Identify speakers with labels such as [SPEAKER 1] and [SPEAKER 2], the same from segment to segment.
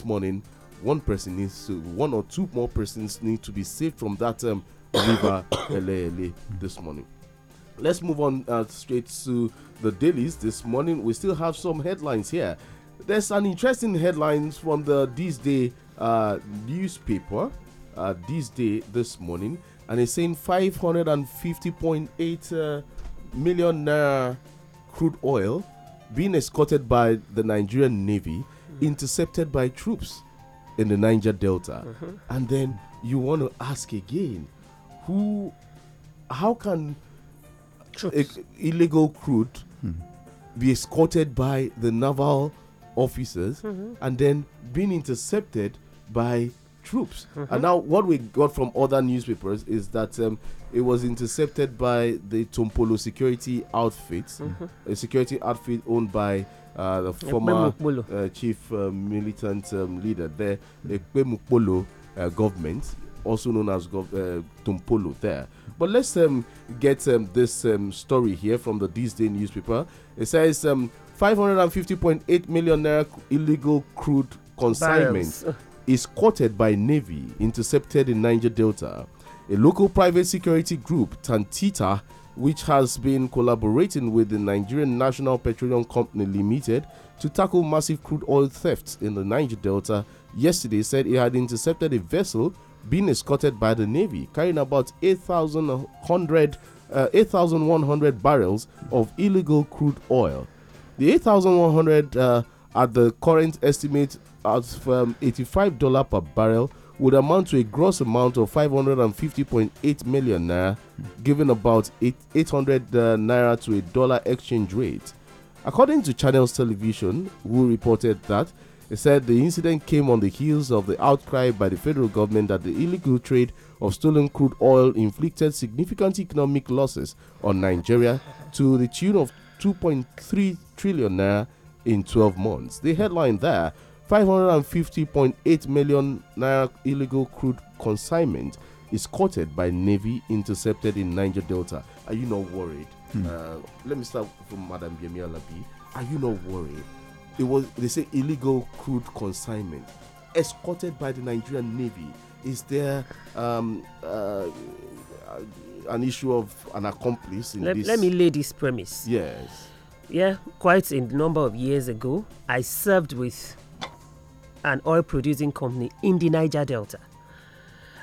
[SPEAKER 1] this morning, one person needs to, one or two more persons need to be saved from that um, river Ele this morning. Let's move on uh, straight to the dailies this morning. We still have some headlines here. There's an interesting headlines from the This Day uh, newspaper, uh, This Day this morning, and it's saying 550.8 uh, million naira crude oil being escorted by the Nigerian Navy intercepted by troops in the Niger Delta. Uh-huh. And then you want to ask again, who, how can a, illegal crude mm -hmm. be escorted by the naval officers mm -hmm. and then being intercepted by troops? Mm -hmm. And mm-hmm. now, what we got from other newspapers is that um, it was intercepted by the Tompolo security outfit, mm-hmm. a security outfit owned by uh, the former uh, chief uh, militant um, leader there, Ekpe Mukpolo uh, government, also known as Gov uh, Tumpolo there. But let's um, get um, this um, story here from the This Day newspaper. It says um, 550.8 million naira illegal crude consignment is quoted by Navy intercepted in Niger Delta. A local private security group, Tantita, which has been collaborating with the Nigerian National Petroleum Company Limited to tackle massive crude oil thefts in the Niger Delta, yesterday said it had intercepted a vessel being escorted by the Navy carrying about 8,100 uh, 8,100 barrels of illegal crude oil. The 8,100 uh, at the current estimate of um, $85 per barrel would amount to a gross amount of 550.8 million naira, giving about 800 uh, naira to a dollar exchange rate. According to Channels Television, who reported that, it said the incident came on the heels of the outcry by the federal government that the illegal trade of stolen crude oil inflicted significant economic losses on Nigeria to the tune of 2.3 trillion naira in 12 months. The headline there 550.8 million naira illegal crude consignment is spotted by Navy intercepted in Niger Delta. Are you not worried? Hmm. Uh, let me start from Madam Yemi Alabi. Are you not worried? It was they say illegal crude consignment escorted by the Nigerian Navy. Is there um, uh, an issue of an accomplice in let, this? Let me lay this premise. Yes.
[SPEAKER 2] Yeah, quite a number of years ago, I served with an oil producing company in the Niger Delta.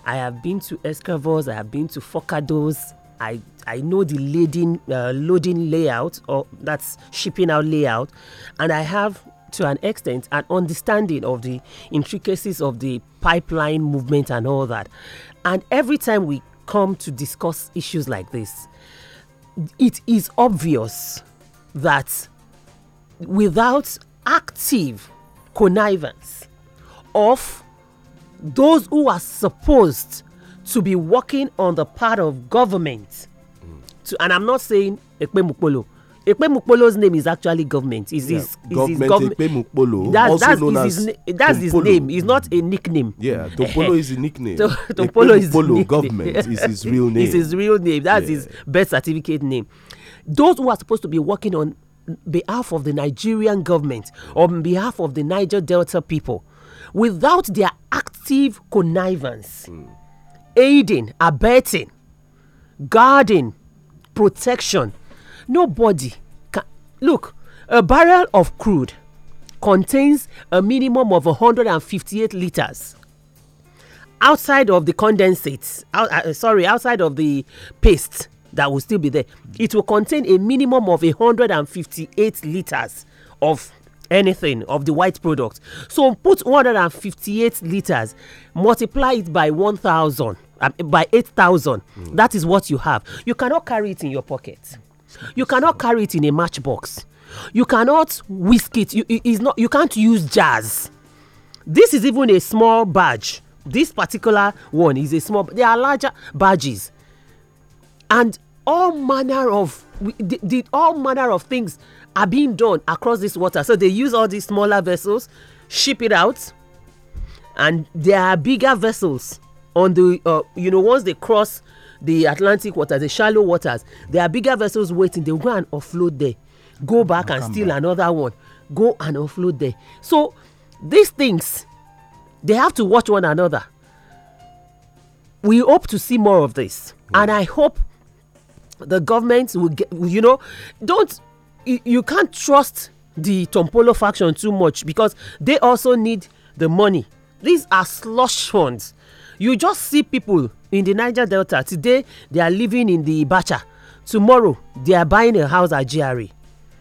[SPEAKER 2] I have been to Escravos, I have been to Focados. I, I know the loading, uh, loading layout, or that's shipping out layout, and I have to an extent an understanding of the intricacies of the pipeline movement and all that. And every time we come to discuss issues like this, it is obvious that without active connivance of those who are supposed to be working on the part of government. Mm. To, and I'm not saying Ekpe Mukpolo. Ekpe Mukpolo's name is actually government. Is yeah. his, government Ekpe
[SPEAKER 1] Mukpolo, that's, his, that's his, name. It's not
[SPEAKER 2] a nickname. Yeah, Topolo is a nickname. to, Topolo is Mukpolo nickname. government is his real name. It's his real name. That's yeah. his birth certificate name. Those who are supposed to be working on behalf of the Nigerian government, on behalf of the Niger Delta people, without their active connivance, mm. aiding, abetting, guarding, protection, nobody can. Look, a barrel of crude contains a minimum of 158 liters. Outside of the condensates, out, uh, sorry, outside of the paste that will still be there, it will contain a minimum of 158 liters of anything of the white product so put 158 liters multiply it by 1000 um, by 8000 mm. that is what you have you cannot carry it in your pocket you cannot carry it in a matchbox you cannot whisk it you, it is not, you can't use jars this is even a small badge this particular one is a small there are larger badges and all manner of the, the all manner of things are being done across this water. So they use all these smaller vessels, ship it out, and there are bigger vessels on the uh, you know once they cross the Atlantic waters, the shallow waters, there are bigger vessels waiting. They go and offload there, go back and steal back. another one, go and offload there. So these things, they have to watch one another. We hope to see more of this, yeah. and I hope the government will get. You know, don't you, can't trust the Tompolo faction too much because they also need the money. These are slush funds. You just see people in the Niger Delta today, they are living in the Ibacha. Tomorrow, they are buying a house at GRA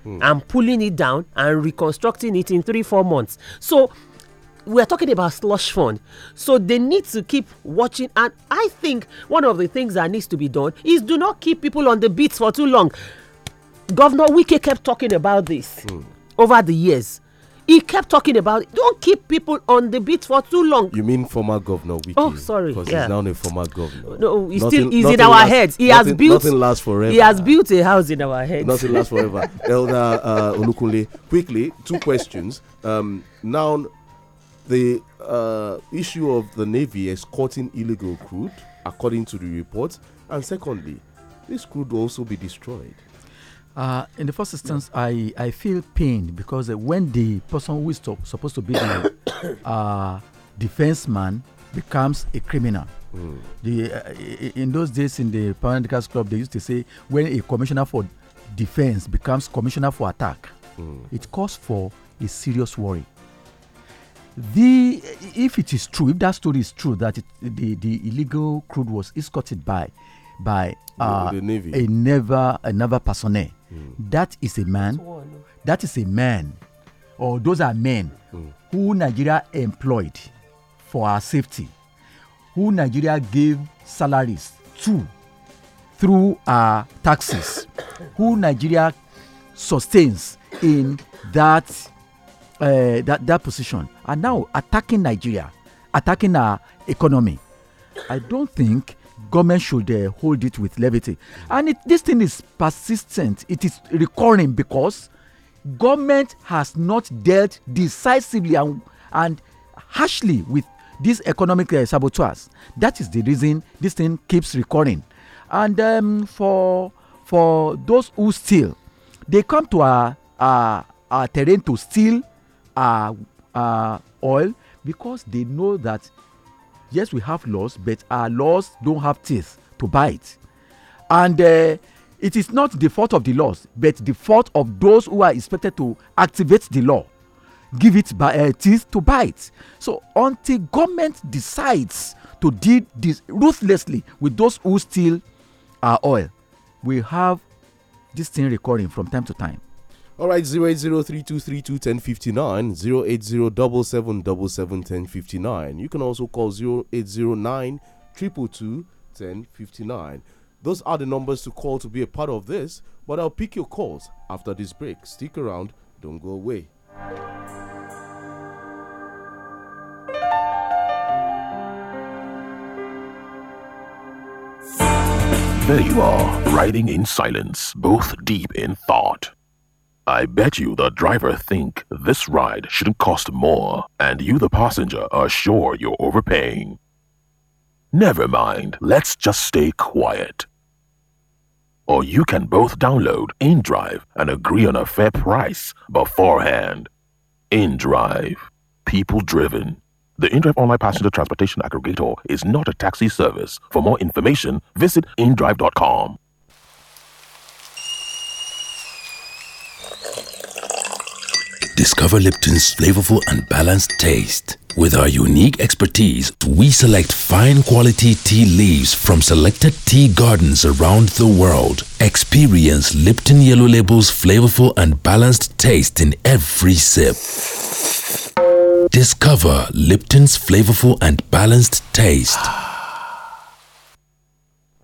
[SPEAKER 2] mm. and pulling it down and reconstructing it in three, four months. So, we are talking about slush fund. So, they need to keep watching. And I think one of the things that needs to be done is do not keep people on the beats for too long. Governor Wike kept talking about this mm. over the years. He kept talking about it. Don't keep people on the beat for too long.
[SPEAKER 1] You mean former governor Wiki?
[SPEAKER 2] Oh, sorry. Because yeah. he's
[SPEAKER 1] now a former governor. No, he's nothing, still he's in our lasts, heads. He nothing, has built nothing lasts forever. He
[SPEAKER 2] has built a house in our heads. Nothing lasts forever.
[SPEAKER 1] Elder uh, Olukunle, quickly, two questions. Um, now, the uh, issue of the navy escorting illegal crude, according to the report, and secondly, this crude will also be destroyed.
[SPEAKER 3] Uh, in the first instance, I, I feel pained because uh, when the person who is to, supposed to be the uh, man becomes a criminal. Mm. The, uh, in those days in the Parandikas Club, they used to say when a commissioner for defense becomes commissioner for attack, mm. it calls for a serious worry. The, if it is true, if that story is true, that it, the, the illegal crude was escorted by by uh, the Navy. a never a personnel. Mm. That is a man. That is a man, or those are men mm. who Nigeria employed for our safety, who Nigeria gave salaries to through our taxes, who Nigeria sustains in that uh, that that position, and now attacking Nigeria, attacking our economy. I don't think government should uh, hold it with levity and it, this thing is persistent it is recurring because government has not dealt decisively and, and harshly with these economic uh, saboteurs that is the reason this thing keeps recurring and um, for for those who steal they come to our our, our terrain to steal our, uh, our uh, oil because they know that yes we have laws but our laws don't have teeth to bite and uh, it is not the fault of the laws but the fault of those who are expected to activate the law give it by, uh, teeth to bite so until government decides to deal this ruthlessly with those who steal our oil we have this thing recurring from time to time
[SPEAKER 1] All right, 08032321059, 08077771059. You can also call 0809 Those are the numbers to call to be a part of this, but I'll pick your calls after this break. Stick around, don't go away.
[SPEAKER 4] There you are, riding in silence, both deep in thought. I bet you the driver think this ride should not cost more, and you the passenger are sure you're overpaying. Never mind, let's just stay quiet. Or you can both download InDrive and agree on a fair price beforehand. InDrive. People driven. The InDrive Online Passenger Transportation Aggregator is not a taxi service. For more information, visit
[SPEAKER 1] indrive.com.
[SPEAKER 5] Discover Lipton's flavorful and balanced taste. With our unique expertise, we select fine quality tea leaves from selected tea
[SPEAKER 1] gardens around the world. Experience Lipton Yellow Label's flavorful and balanced taste in every sip. Discover Lipton's flavorful and balanced taste.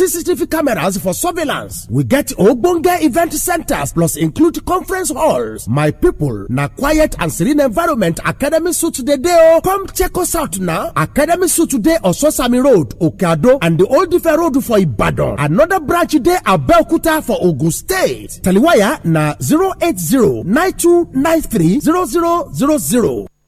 [SPEAKER 1] CCTV
[SPEAKER 6] cameras for surveillance. We get ogbonge event centers plus include conference halls. My people, na quiet and serene environment Academy Suit dey dey o. Oh. Come check us out now.
[SPEAKER 1] Academy Suit dey Ososami Road, Okeado and the Old Ife Road for Ibadan.
[SPEAKER 7] Another branch dey Abeokuta for Ogun State. Taliwaya na 080 9293 0000.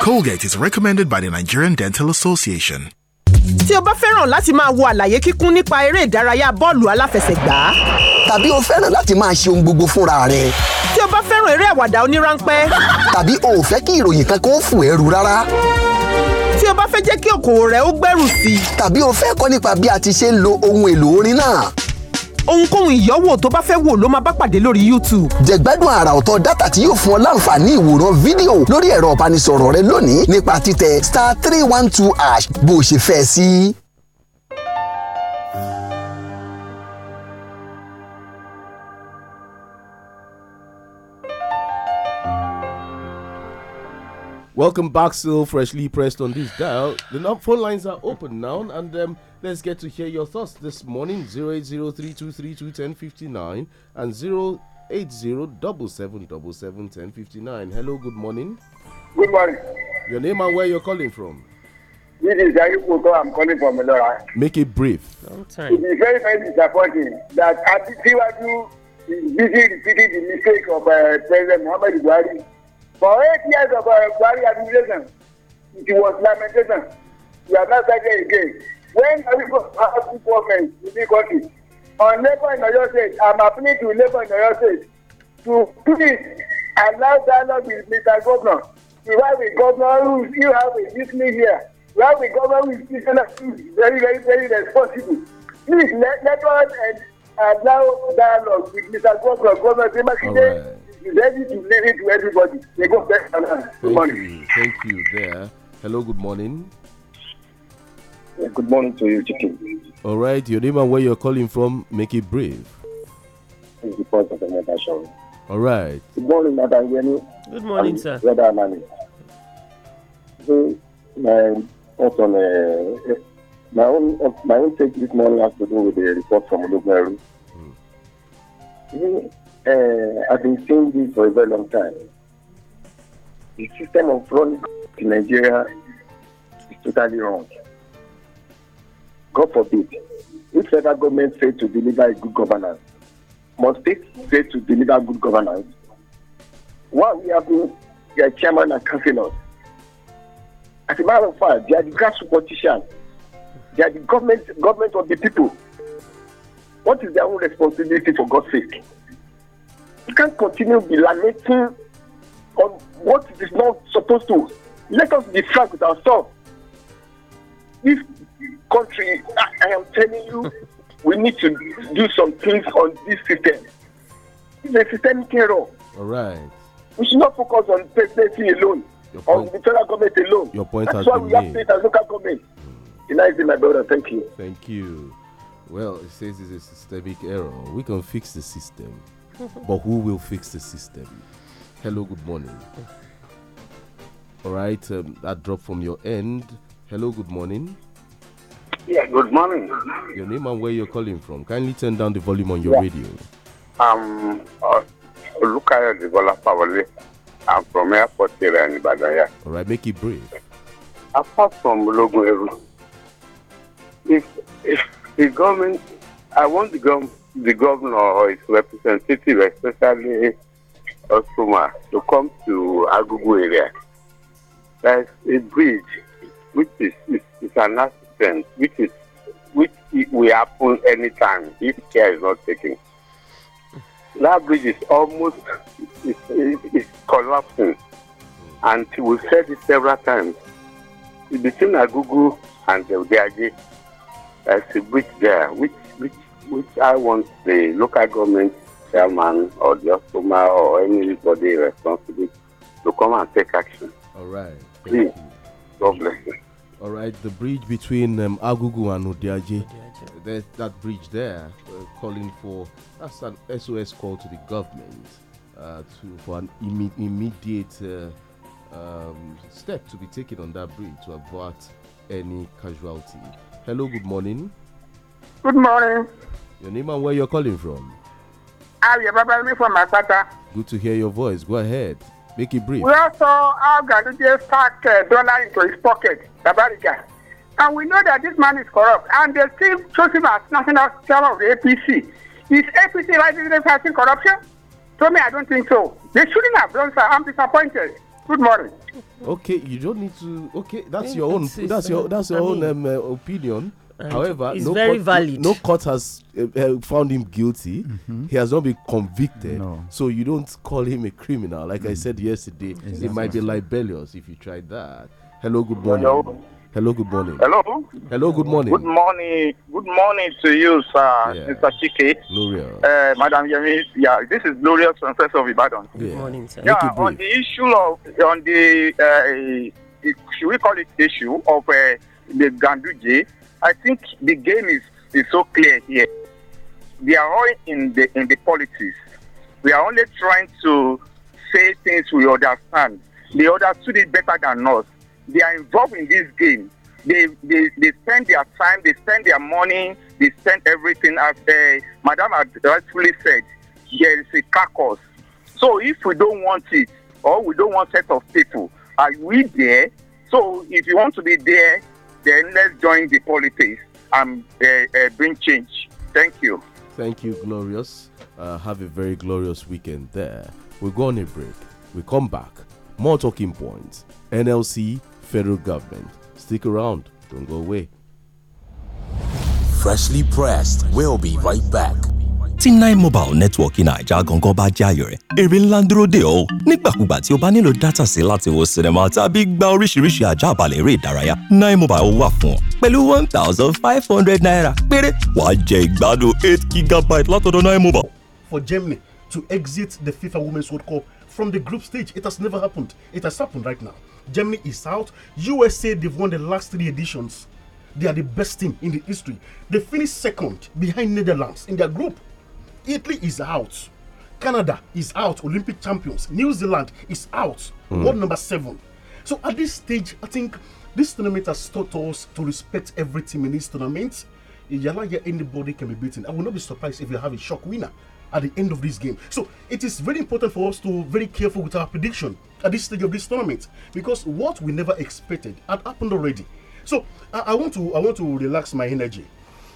[SPEAKER 4] Colgate is recommended by the Nigerian Dental Association.
[SPEAKER 6] Tí o bá fẹ́ràn láti máa wo àlàyé kíkún nípa eré ìdárayá bọ́ọ̀lù aláfẹsẹ̀gbá. Tàbí o fẹ́ràn láti máa ṣe ohun gbogbo fúnra rẹ̀. Tí o bá fẹ́ràn eré àwàdà oníránpẹ́. Tàbí o ò fẹ́ kí ìròyìn kan kó fò ẹrù rárá tí o bá fẹ́ jẹ́ kí okòwò rẹ ó gbèrú sí tàbí o fẹ́ kọ́ nípa bí a ti ṣe ń lo ohun èlò orin náà ohunkóhun ìyọ́wò tó bá fẹ́ wò ló máa bá pàdé lórí YouTube. jẹ̀gbádùn àrà ọ̀tọ̀ dátà tí yóò fún ọ láǹfààní ìwòran fídíò lórí ẹ̀rọ ìbánisọ̀rọ̀ rẹ lónìí nípa títẹ star three one two hash bó o ṣe fẹ́ sí.
[SPEAKER 1] Welcome back, still freshly pressed on this dial. The phone lines are open now, and um, let's get to hear your thoughts this morning 08032321059 and 08077771059. Hello, good morning. Good morning. Your name and where you're calling from?
[SPEAKER 8] This is Ayukoko, I'm calling from Melora.
[SPEAKER 1] Make it brief. Okay. It
[SPEAKER 8] is very, very disappointing that Atiwaju is busy repeating the mistake of uh, President Muhammad Buhari For eight years of our Buhari administration, it was lamentation. We have not started again. When are we going to have two governments in this country? On Labour in Oyo State, I'm appealing to Labour in Oyo State to please allow dialogue with Mr. Governor. We have a governor who you have a listening here. We have a governor who is listening very, very, very responsible. Please let, let us and uh, allow dialogue with Mr. Governor, Governor Zimakide. ready to leave it to everybody. They go
[SPEAKER 1] You. Thank you. There. Hello. Good morning.
[SPEAKER 8] good morning to you, Chicken.
[SPEAKER 1] All right. Your name and where you're calling from. Make it brief.
[SPEAKER 8] It's the point of the All right. Good morning, Madam Yeni. Good morning, I'm sir. Brother Amani. So, my uh, eh, my own uh, my own take this morning has to do with the report from Lugmeru. Mm uh, I've been saying this for a very long time. The system of fraud in Nigeria is totally wrong. God forbid. If federal government say to deliver good governance, must they fail to deliver good governance? What we have been their chairman and councillors? As a matter of fact, they are the grassroots politicians. They are the government government of the people. What is their own responsibility for God's sake? You can't continue be lamenting on what is not supposed to. Let us be frank with ourselves. This country, I, I am telling you, we need to do some things on this system. It's a systemic error. All right. We should not focus on presidency alone, on the federal government alone. Your point That's has why been we have state and local government. Nice my brother. Thank you.
[SPEAKER 1] Thank you. Well, it says it's a systemic error. We can fix the system but who will fix the system? Hello, good morning. All right, um, that drop from your end. Hello, good morning.
[SPEAKER 8] Yeah, good morning.
[SPEAKER 1] Your name and where you're calling from. Kindly turn down the volume on your yeah. radio.
[SPEAKER 8] Um, uh, look at the Bola I'm from airport here in All
[SPEAKER 1] right, make it brief.
[SPEAKER 8] Apart from Logo if, if the government, I want the government the governor or his representative, especially Osuma, uh, to come to Agugu area. There's a bridge which is, is, is an accident, which is which will happen anytime if care is not taken. That bridge is almost is, collapsing, and we said it several times. Between Agugu and Deodiagi, there's a bridge there which which I want the local government chairman or the customer or anybody responsible to come and take action. All right. Please. God
[SPEAKER 1] bless you. All right, the bridge between um, Agugu and Odiaje, that, that bridge there, uh, calling for that's an SOS call to the government uh, to for an imme immediate uh, um, step to be taken on that bridge to avert any casualty. Hello, good morning.
[SPEAKER 8] Good morning.
[SPEAKER 1] Your name and where you're calling from?
[SPEAKER 8] I'm ah, your brother me from Masata.
[SPEAKER 1] Good to hear your voice. Go ahead. Make it brief. We
[SPEAKER 8] also how Ganduje packed a uh, dollar into his pocket, Babariga. And we know that this man is corrupt and they still chose him as national chairman of the APC. Is APC in fighting corruption? Tell me, I don't think so. They shouldn't have done so. I'm disappointed.
[SPEAKER 1] Good morning. Okay, you don't need to. Okay, that's your own. That's your. That's your own um, uh, opinion. However, it's no very court, valid. No court has uh, found him guilty. Mm -hmm. He has not been convicted. No. So you don't call him a criminal. Like mm. I said yesterday, exactly. it might be libelous if you try that. Hello, good morning. Hello. Hello, good morning. Hello. Hello, good morning. Good
[SPEAKER 8] morning. Good morning to you, sir, Mr. Chike. Gloria, Uh, Madam Yemi, yeah, this is Gloria Princess of Ibadan.
[SPEAKER 2] Yeah. Good morning, sir. Yeah, on the
[SPEAKER 8] issue of, on the, uh, should we call it issue of uh, the Ganduje, I think the game is, is so clear here. We are all in the in the politics. We are only trying to say things we understand. They understood it better than us. They are involved in this game. They they, they spend their time, they spend their money, they spend everything as uh, Madam rightfully said, there is a carcass. So if we don't want it or we don't want set of people, are we there? So if you want to be there, then let's join the politics and uh, uh, bring change.
[SPEAKER 1] Thank you. Thank you, Glorious. Uh, have a very glorious weekend there. We go on a break. We come back. More talking points. NLC, federal government. Stick around. Don't go away. Freshly pressed.
[SPEAKER 7] We'll be right back. tí nine mobile nẹ́tíwọ̀kì naija gangan bá jẹ́ àyò rẹ̀ èrè ńlá ń dúró dè ọ́ nígbàkúgbà tí o bá nílò dátà sí láti wo sinimá tàbí gba oríṣiríṣi ajá àbálẹ̀ eré ìdárayá nine mobile wà fún ọ pẹ̀lú one thousand five hundred naira péré wàá jẹ ìgbádùn eight gigabyte látọ̀dọ̀ nine mobile.
[SPEAKER 1] For Germany to exit the FIFA Women's World Cup from the group stage. It has never happened. It has happened right now. Germany is out. USA, they've won the last three editions. They are the best team in the history. They finished second behind Netherlands in their group. Italy is out. Canada is out. Olympic champions. New Zealand is out. Mm. World number seven. So at this stage, I think this tournament has taught us to respect every team in this tournament. In Yalaya, anybody can be beaten. I will not be surprised if you have a shock winner at the end of this game. So it is very important for us to very careful with our prediction at this stage of this tournament because what we never expected had happened already. So I, I want to I want to relax my energy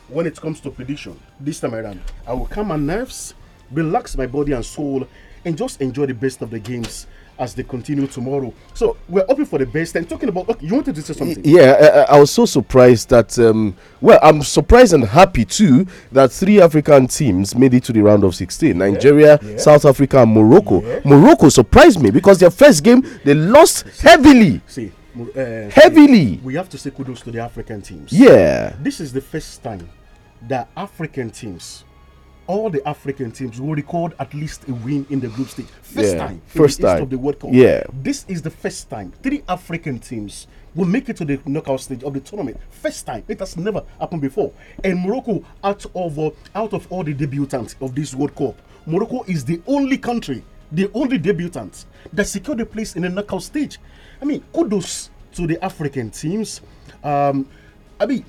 [SPEAKER 1] when it comes to prediction this time around. I will calm my nerves, relax my body and soul, and just enjoy the best of the games as they continue tomorrow. So we're hoping for the best. And talking about, okay, you wanted to say something? Yeah, I, I was so surprised that. Um, well, I'm surprised and happy too that three African teams made it to the round of 16: Nigeria, yeah, South Africa, and Morocco. Yeah. Morocco surprised me because their first game they lost heavily. See uh, heavily. We have to say kudos to the African teams. Yeah. This is the first time that African teams, all the African teams, will record at least a win in the group stage. First yeah. time. First time. of the World Cup. Yeah. This is the first time three African teams will make it to the knockout stage of the tournament. First time. It has never happened before. And Morocco, out of uh, out of all the debutants of this World Cup, Morocco is the only country, the only debutant that secured a place in the knockout stage. I mean, kudos to the African teams. Um, I mean,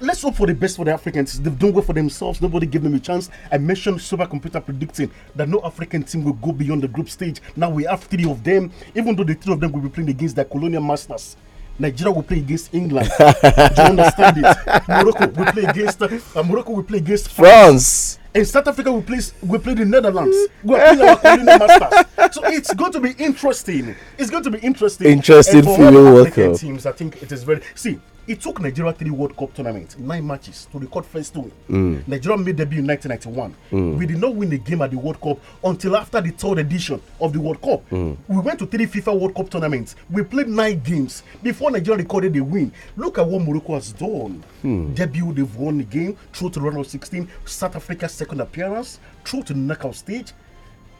[SPEAKER 1] let's hope for the best for the Africans. They've done well for themselves. Nobody gave them a chance. I mentioned Supercomputer predicting that no African team will go beyond the group stage. Now we have three of them, even though the three of them will be playing against their colonial masters. Nigeria will play against England. Do you understand it? Morocco will play against uh, Morocco will play against France. France in South Africa, we play we play the Netherlands. We play our masters. So it's going to be interesting. It's going to be interesting. Interesting for you, African teams. I think it is very see it took Nigeria three World Cup tournaments, nine matches, to record first two. Mm. Nigeria made debut in 1991. Mm. We did not win a game at the World Cup until after the third edition of the World Cup. Mm. We went to three FIFA World Cup tournaments. We played nine games before Nigeria recorded a win. Look at what Morocco has done. Hmm. Debut, they've won the game, through to round of 16, South Africa's second appearance, through to knockout stage,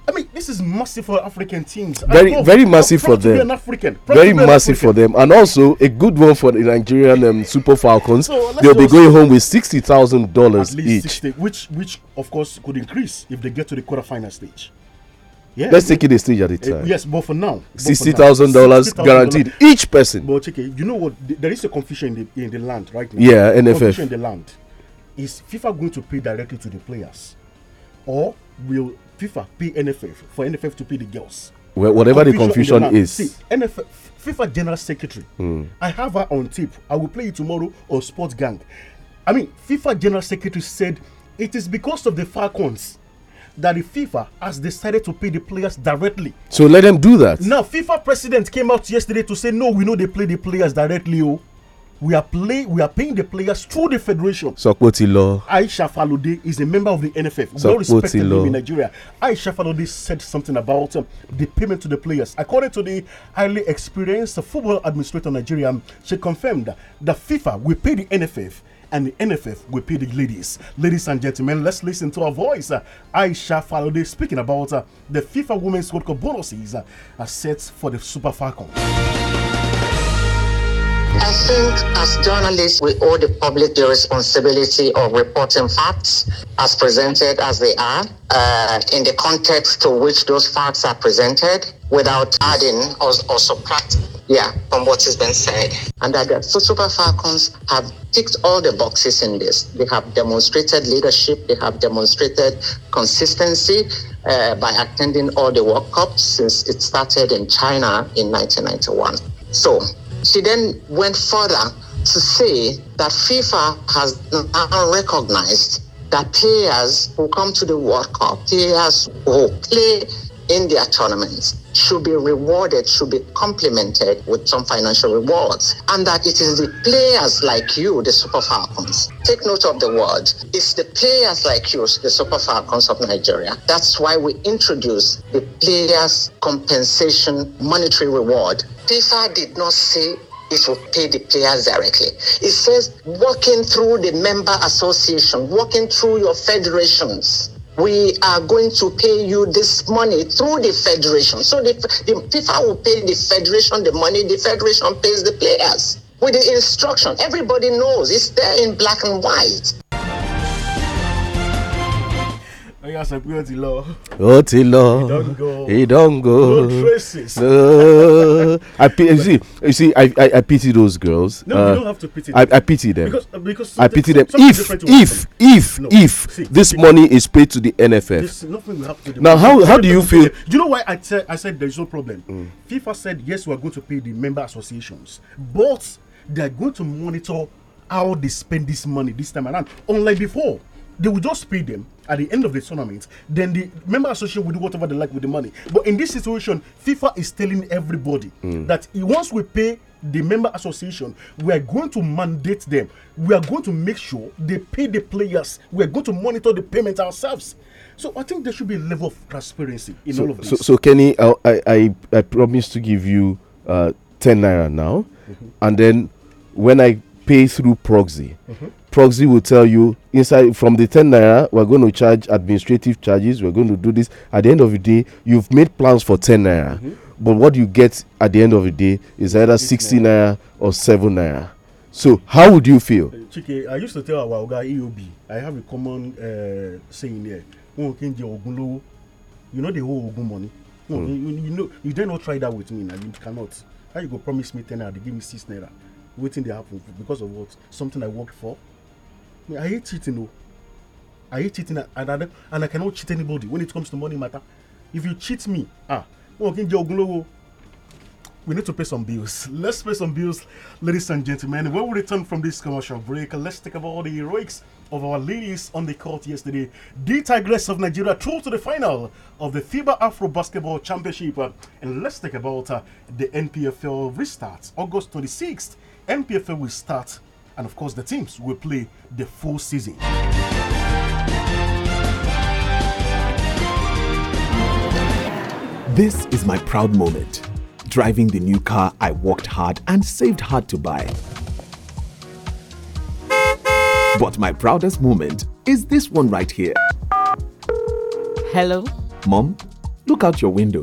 [SPEAKER 1] I mean, this is massive for African teams. Very, very massive for them. African, very massive African. for them, and also a good one for the Nigerian um, Super Falcons. So They'll be going home with sixty thousand dollars each, 60, which, which of course could increase if they get to the quarterfinal stage. Yeah, let's take it a stage at a eh, time. Uh, yes, but for now, sixty thousand dollars guaranteed each person. But okay, you know what? There is a confusion in the, in the land right now. Yeah, NFF. Confusion in the land is FIFA going to pay directly to the players, or will FIFA pay NFF for NFF to pay the girls?
[SPEAKER 9] Well, whatever confusion the confusion is. See,
[SPEAKER 1] NFF, FIFA General Secretary. Mm. I have her on tape. I will play it tomorrow on Sports Gang. I mean, FIFA General Secretary said it is because of the Falcons that the FIFA has decided to pay the players directly. So let them do that. Now, FIFA president came out yesterday to say, no, we know they play the players directly. Oh we are play we are paying the players through the federation. Sọpọ̀ ti lọ. Aisha Falode is a member of the NFF. Sọpọ̀ ti lọ. We all respect him in Nigeria. Aisha Falode said something about um, the payment to the players. According to the highly experienced football administrator in Nigeria, um, she confirmed that FIFA will pay the NFF and the NFF will pay the ladies. Ladies and gentlemen, let's listen to our voice. Uh, Aisha Falode speaking about uh, the FIFA Women's World Cup bonuses uh, set for the Super Falcons.
[SPEAKER 10] I think as journalists, we owe the public the responsibility of reporting facts as presented as they are, uh, in the context to which those facts are presented, without adding or, or subtracting yeah, from what has been said. And that the Super Falcons have ticked all the boxes in this. They have demonstrated leadership, they have demonstrated consistency uh, by attending all the World Cups since it started in China in 1991. So she then went further to say that FIFA has now recognized that players who come to the World Cup, players who play in their tournaments should be rewarded, should be complemented with some financial rewards. And that it is the players like you, the Super Falcons, take note of the word, it's the players like you, the Super Falcons of Nigeria. That's why we introduce the players' compensation monetary reward. FIFA did not say it will pay the players directly. It says working through the member association, working through your federations we are going to pay you this money through the federation. So the, the FIFA will pay the federation the money, the federation pays the players with the instruction. Everybody knows it's there in black and white.
[SPEAKER 1] Oya Sepe ó ti lọ. Ó ti lọ. He don go. No traces. No. I you see, you see, I, I, I pity those girls. No, uh, you don't have to pity. Them. I, I pity them. Because, uh, because I pity them. If if if no. if see, this money is paid to the NFF. Now, how how do you feel? Do you know why I said I said there's no problem? Mm. FIFA said yes, we are going to pay the member associations, but they are going to monitor how they spend this money this time around, unlike before. They will just pay them at the end of the tournament. Then the member association will do whatever they like with the money. But in this situation, FIFA is telling everybody mm. that once we pay the member association, we are going to mandate them. We are going to make sure they pay the players. We are going to monitor the payment ourselves. So I think there should be a level of transparency in so, all of this. So, so Kenny, I, I, I promise to give you uh, 10 naira now. Mm -hmm. And then when I pay through proxy, mm -hmm proxy will tell you inside from the 10 naira we're going to charge administrative charges we're going to do this at the end of the day you've made plans for 10 naira mm -hmm. but what you get at the end of the day is either 60 naira or 7 naira so how would you feel uh, Chike, i used to tell our guy eob i have a common uh, saying here you know the whole ogun money no, mm. you, you know you dare not try that with me now you cannot how you go promise me 10 naira they give me 6 naira waiting they happen because of what something i worked for me, I hate cheating, though. I hate cheating, and I, and I cannot cheat anybody when it comes to money matter. If you cheat me, ah, we need to pay some bills. Let's pay some bills, ladies and gentlemen. When we return from this commercial break, let's talk about all the heroics of our ladies on the court yesterday. The Tigress of Nigeria through to the final of the FIBA Afro Basketball Championship. And let's talk about uh, the NPFL restart. August 26th, NPFL will start and of course, the teams will play the full season. This is my proud moment. Driving the new car I worked hard and saved hard to buy. But my proudest moment is this one right here. Hello? Mom, look out your window.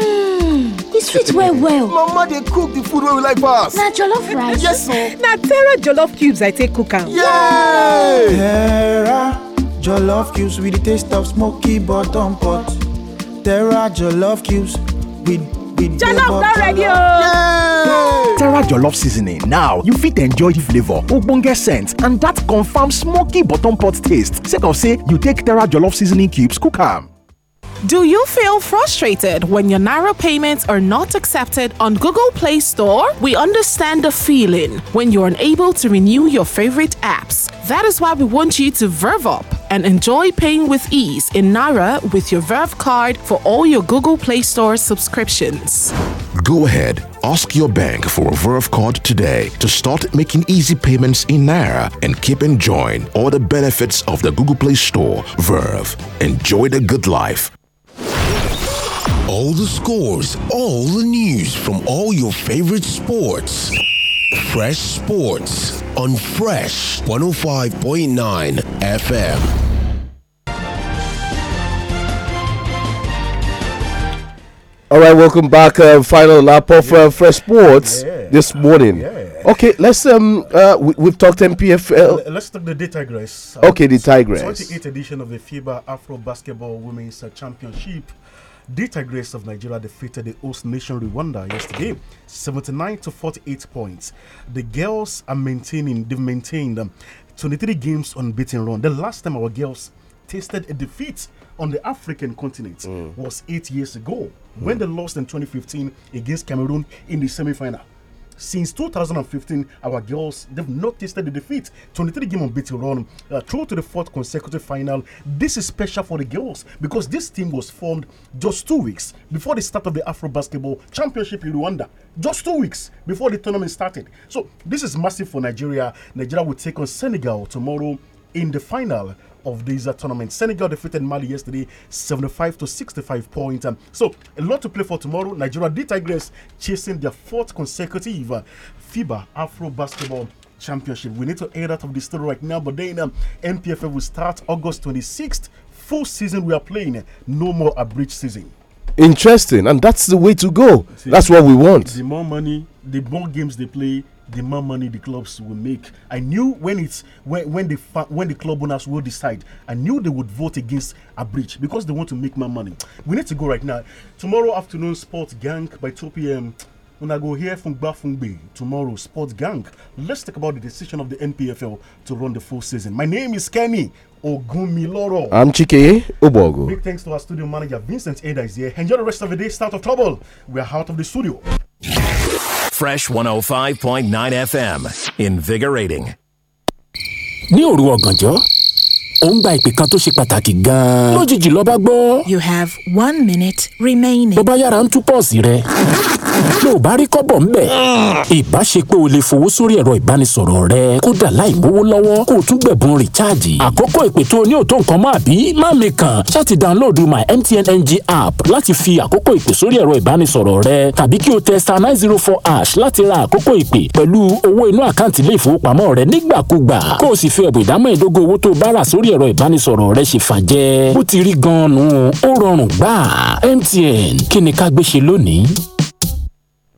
[SPEAKER 11] Mmm, e sweet well well. Mama dey cook the food wey we like pass. Na jollof rice? Yes o. Na Terra jollof cubes I take cook am.
[SPEAKER 9] Yay! Terra jollof cubes with the taste of smoky bottom pot. Terra
[SPEAKER 4] jollof cubes with
[SPEAKER 9] jollof
[SPEAKER 2] don ready
[SPEAKER 4] o. terra jollof seasoning now you fit enjoy the flavour ogbonge scent and that confam smoky bottom pot taste sake of say you take terra jollof seasoning cubes cook am.
[SPEAKER 2] Do you feel frustrated when your Naira payments are not accepted on Google Play Store? We understand the feeling when you're unable to renew your favorite apps. That is why we want you to verve up and enjoy paying with ease in Naira with your Verve card for all your Google Play Store subscriptions.
[SPEAKER 4] Go ahead, ask your bank for a Verve card today to start making easy payments in Naira and keep enjoying all the benefits of the Google Play Store. Verve, enjoy the good life. All the scores, all the news from all your favorite sports. Fresh Sports on Fresh 105.9
[SPEAKER 1] FM. All right, welcome back. Uh, final lap of uh, yeah. uh, Fresh Sports yeah. this morning. Yeah. Okay, let's um uh, we, have talked MPFL. let's talk the Tigress. okay, the Tigress. 28th edition of the FIBA Afro Basketball Women's Championship the Tigers of Nigeria defeated the host nation Rwanda yesterday, 79 to 48 points. The girls are maintaining, they've maintained um, 23 games unbeaten run. The last time our girls tasted a defeat on the African continent mm. was eight years ago mm. when they lost in 2015 against Cameroon in the semi final. Since 2015, our girls, they've not tasted the defeat. 23 game unbeaten run, uh, through to the fourth consecutive final. This is special for the girls because this team was formed just two weeks before the start of the Afro Basketball Championship in Rwanda. Just two weeks before the tournament started. So this is massive for Nigeria. Nigeria will take on Senegal tomorrow in the final of this uh, tournament. Senegal defeated Mali yesterday, 75 to 65 points. Um, so a lot to play for tomorrow. Nigeria did digress, chasing their fourth consecutive uh, FIBA Afro Basketball Championship. We need to air that of the story right now, but then um, MPFA will start August 26th. Full season we are playing, no more a bridge season. Interesting, and that's the way to go. See, that's what we want. The more money, the more games they play, the more money the clubs will make. I knew when it's when when the when the club owners will decide, I knew they would vote against a breach because they want to make more money. We need to go right now. Tomorrow afternoon, Sports Gang by 2 p.m. When I go here from Bafungbe tomorrow, Sports Gang. Let's talk about the decision of the NPFL to run the full season. My name is Kenny Ogumiloro. I'm Chike Obogo. Big thanks to our studio manager Vincent Ada is here. Enjoy the rest of the day. Start of trouble. We are out of the studio.
[SPEAKER 5] Fresh 105.9 FM. Invigorating. ní òru ọ̀gànjọ́
[SPEAKER 2] ó ń gba ìpè kan tó ṣe pàtàkì gan-an. lójijì ló gbọ́. you have one minute remaining. ló bá yára ń tú pọ́ọ̀sì
[SPEAKER 1] rẹ̀ ló bá rí kọ́bọ̀ ń bẹ̀. ìbá ṣe pé o lè fowó sórí ẹ̀rọ ìbánisọ̀rọ̀ rẹ kódà láì mówó lọ́wọ́ kó o tún gbẹ̀bùn rìchaàjì. àkókò ìpè tó o ní òtó nǹkan máa bí má mi kàn ṣáàtì dáńlóòdù my MTN NG app láti fi àkókò ìpè sórí ẹ̀rọ ìbánisọ̀rọ̀ rẹ tàbí kí o tẹ star nine zero four ash láti ra àkókò ìpè pẹ̀lú owó inú àkáǹtì ilé ìfowópamọ́ rẹ nígbàkúgbà kó o sì fi ẹ̀bùn ìdámọ̀ ìdógó owó t tó bá rà sórí ẹ̀rọ ìbánisọ̀rọ̀ rẹ ṣe fàjẹ́ bó ti rí gan-an nù ó rọrùn gbà MTN kí ni ká gbé ṣe lónìí.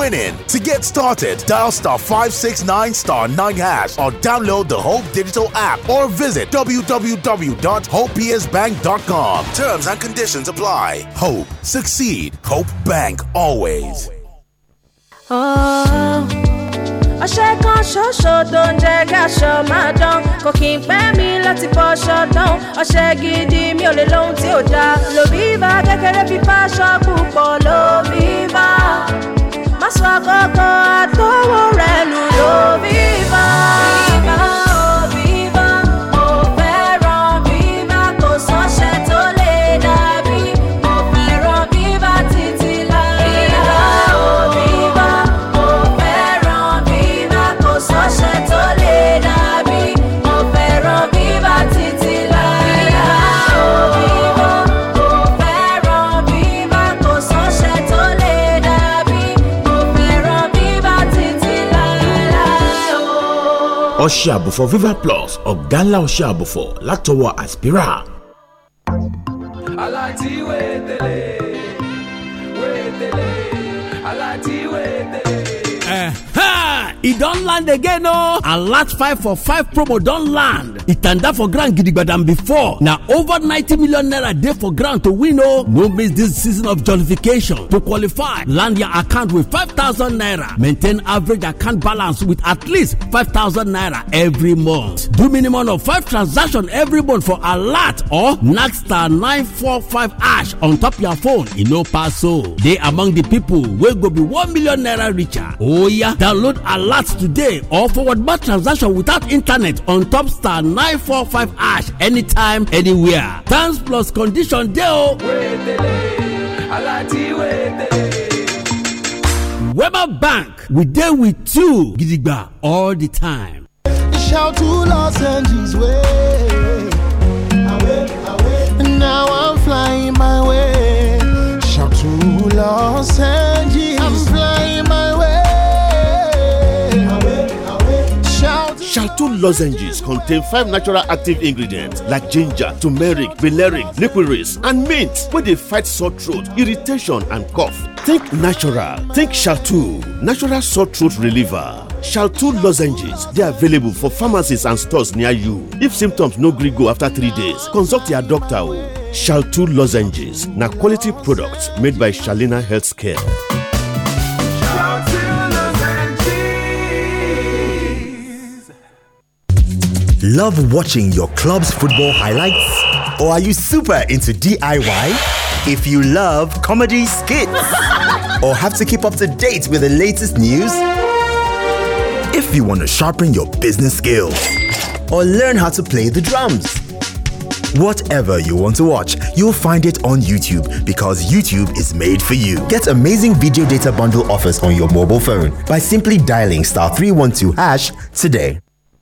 [SPEAKER 4] winning. To get started, dial star 569 star 9 hash or download the Hope Digital app or visit www.hopeisbank.com. Terms and conditions apply. Hope, succeed. Hope Bank always.
[SPEAKER 12] Oh.
[SPEAKER 1] ọṣẹ àbùfọ̀ viva plus ọ̀gá ńlá ọṣẹ àbùfọ̀ látọwọ́ aspira.
[SPEAKER 9] aláti wéetele wéetele aláti
[SPEAKER 6] land again A lot five for five promo don't land e tanda for ground gidigba than before na over ninety million naira dey for ground to win o oh. no miss this season of jollification to qualify land your account with five thousand naira maintain average account balance with at least five thousand naira every month do minimum of five transactions every month for alert or nagstar nine four five ash on top your phone e no pass so oh. dey among the people wey go be one million naira richer oya oh, download alert today or forward bad transaction without internet on top star nine. 945 ash anytime anywhere thanks plus condition dey o. weber bank we deal with two. gidigba all the time.
[SPEAKER 9] shout to los angeles way.
[SPEAKER 4] now i'm flying my way. shout to los angeles.
[SPEAKER 1] Shaltun lozenges contain five natural active ingredients like ginger, turmeric, valeric, licorice, and mint where they fight sore throat, irritation, and cough. Think natural, think Shaltun, natural sore throat reliever. Shaltun lozenges They are available for pharmacies and stores near you. If symptoms no gree go after three days, consult your doctor oh. o. lozenges na quality product made by Shalina Healthcare.
[SPEAKER 5] Love watching your club's football highlights? Or are you super into DIY? If you love comedy skits? or have to keep up to date with the latest news? If you want to sharpen your business skills? Or learn how to play the drums? Whatever you want to watch, you'll find it on YouTube because YouTube is made for you. Get amazing video data bundle offers on your mobile phone by simply dialing star 312 hash today.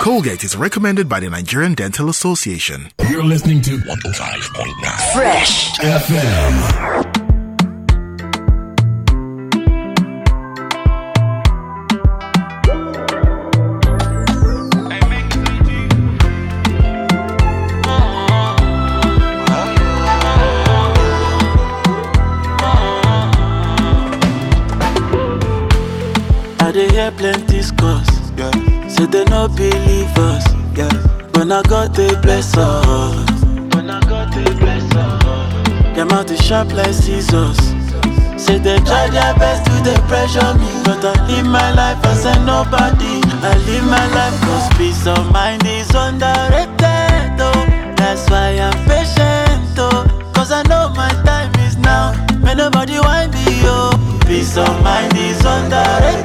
[SPEAKER 4] Colgate is recommended by the Nigerian Dental Association. You're listening to 105.9
[SPEAKER 12] Fresh
[SPEAKER 4] FM.
[SPEAKER 9] plenty scores Say they no believe us, yeah. When I got the bless us. When I got the bless us. Them out to sharp like scissors. Say they try their best to they pressure me. But I live my life as a nobody. I live my life cause peace of mind is underrated, oh. That's why I'm patient, oh. Cause I know my time is now. May nobody whine me, oh. Peace of mind is underrated.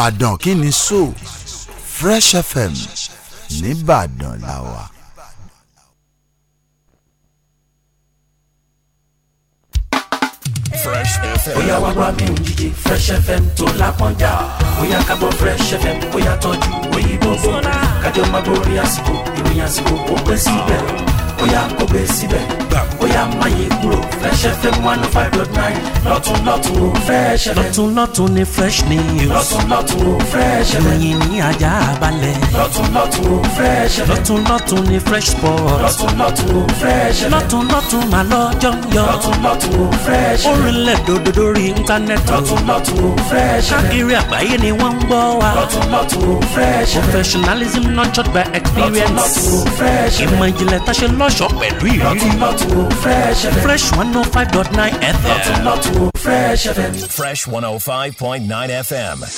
[SPEAKER 13] ìbàdàn kí ni so fresh fm
[SPEAKER 5] nìbàdàn la wà.
[SPEAKER 9] bóyá wá wá mi ò jíjẹ fresh fm tó lápọ́njà bóyá ká gbọ́ fresh fm bóyá tọ́jú òyìnbó fún un máa gbórí àsìkò ìròyìn àsìkò ó pẹ́ síbẹ̀ ó yá kò bẹ́ síbẹ̀
[SPEAKER 4] ó yá máyé
[SPEAKER 9] kúrò Fresh FM one oh five dot nine
[SPEAKER 2] lọ́tún lọ́tún Fresh FM. lọ́tún
[SPEAKER 9] lọ́tún ni fresh news. lọ́tún lọ́tún Fresh FM. ròyìn ní ajá balẹ̀. lọ́tún lọ́tún Fresh FM. lọ́tún lọ́tún ni fresh sport. lọ́tún lọ́tún Fresh FM. lọ́tún lọ́tún mà lọ́jọ́ ń yọ. lọ́tún lọ́tún Fresh FM. orinlẹ̀ dòdò lórí íńtánẹ́ẹ̀tì. lọ́tún lọ́tún Fresh FM. káàkiri àgbáyé ni wọ́n ń gbọ́ wa. lọ́tún lọ́tún Fresh FM. professionalism nurtured by experience. lọ́tún lọ́tún Fresh FM. ìmọ̀ ìjìnlẹ̀ lọ́ ṣọ̀ṣọ̀ pẹ̀lú ìrírí. lọ́tùlọ́tù
[SPEAKER 5] o fresh fm. fresh one oh five dot nine fm. lọ́tùlọ́tù o fresh fm. fresh one oh five point nine fm. Oh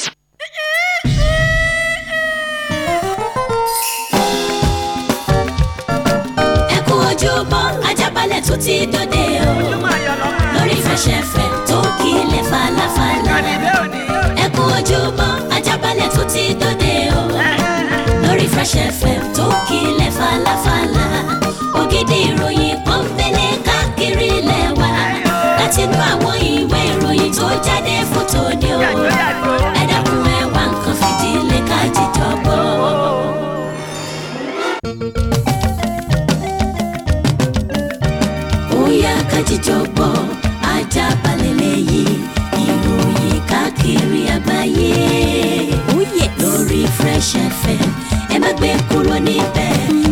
[SPEAKER 5] ẹ kú ojúmọ́ ajábalẹ̀
[SPEAKER 12] tó ti dòde o lórí fresh fm tó kílẹ̀ falafala ẹ kú ojúmọ́ ajábalẹ̀ tó ti dòde o lórí fresh fm tó kílẹ̀ falafala ògidì ìròyìn kan fẹlẹ̀ káàkiri ilẹ̀ wa láti inú àwọn ìwé ìròyìn tó jáde fótó ni o ẹ dákun ẹ wá nǹkan fìdílé ká jíjọ gbọ́. bóyá ká jíjọ gbọ́ ajá balẹ̀ lẹ́yìn ìròyìn káàkiri àgbáyé oh lórí Fresh FM ẹ má gbé kúrò níbẹ̀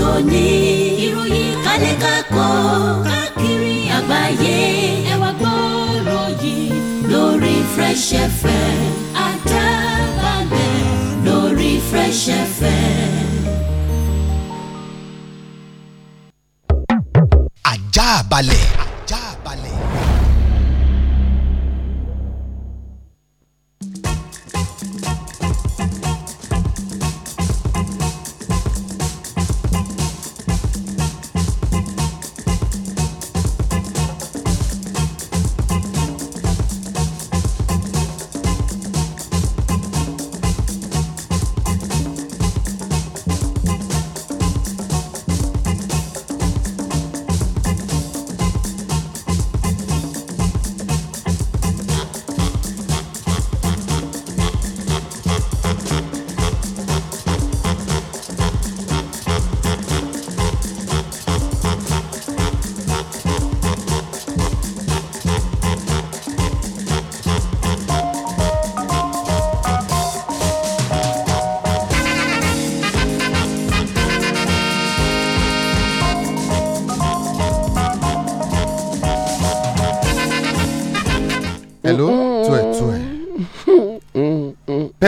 [SPEAKER 12] tòní. ìròyìn kálẹ̀ kakọ́ káàkiri àgbáyé. ẹ wá gbọ́rọ̀ yìí lórí Fresh FM Àdábàgbẹ̀ lórí Fresh FM.
[SPEAKER 6] àjà balẹ̀.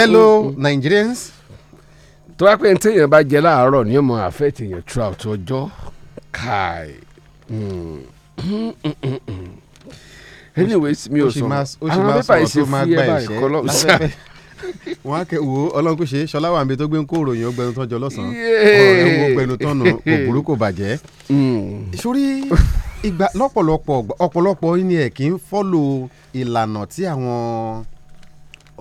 [SPEAKER 13] hello mm, mm. Nigerians. tó wá pé ní téèyàn bá jẹ láàárọ̀
[SPEAKER 14] ni yóò mọ àfẹ́ téèyàn throughout ọjọ́ káì. Hmm. Hmm,
[SPEAKER 13] hmm,
[SPEAKER 14] anyways mi ò sọ àwọn pépà yìí ṣe fúyẹ́ báyìí kọ́lọ́
[SPEAKER 13] wọn á kẹ wo Ọlọ́run kò ṣe é Ṣọlá wàmí tó gbé ń kó ìròyìn ọgbẹnu tọjọ lọsàn ọ̀rọ̀ ẹwọ ọgbẹnu tọnu kò burú kò bàjẹ́. sórí ìgbà lọ́pọ̀lọpọ̀ ọ̀pọ̀lọpọ̀ ni ẹ̀ kì í fọ́lò ìlànà tí àwọn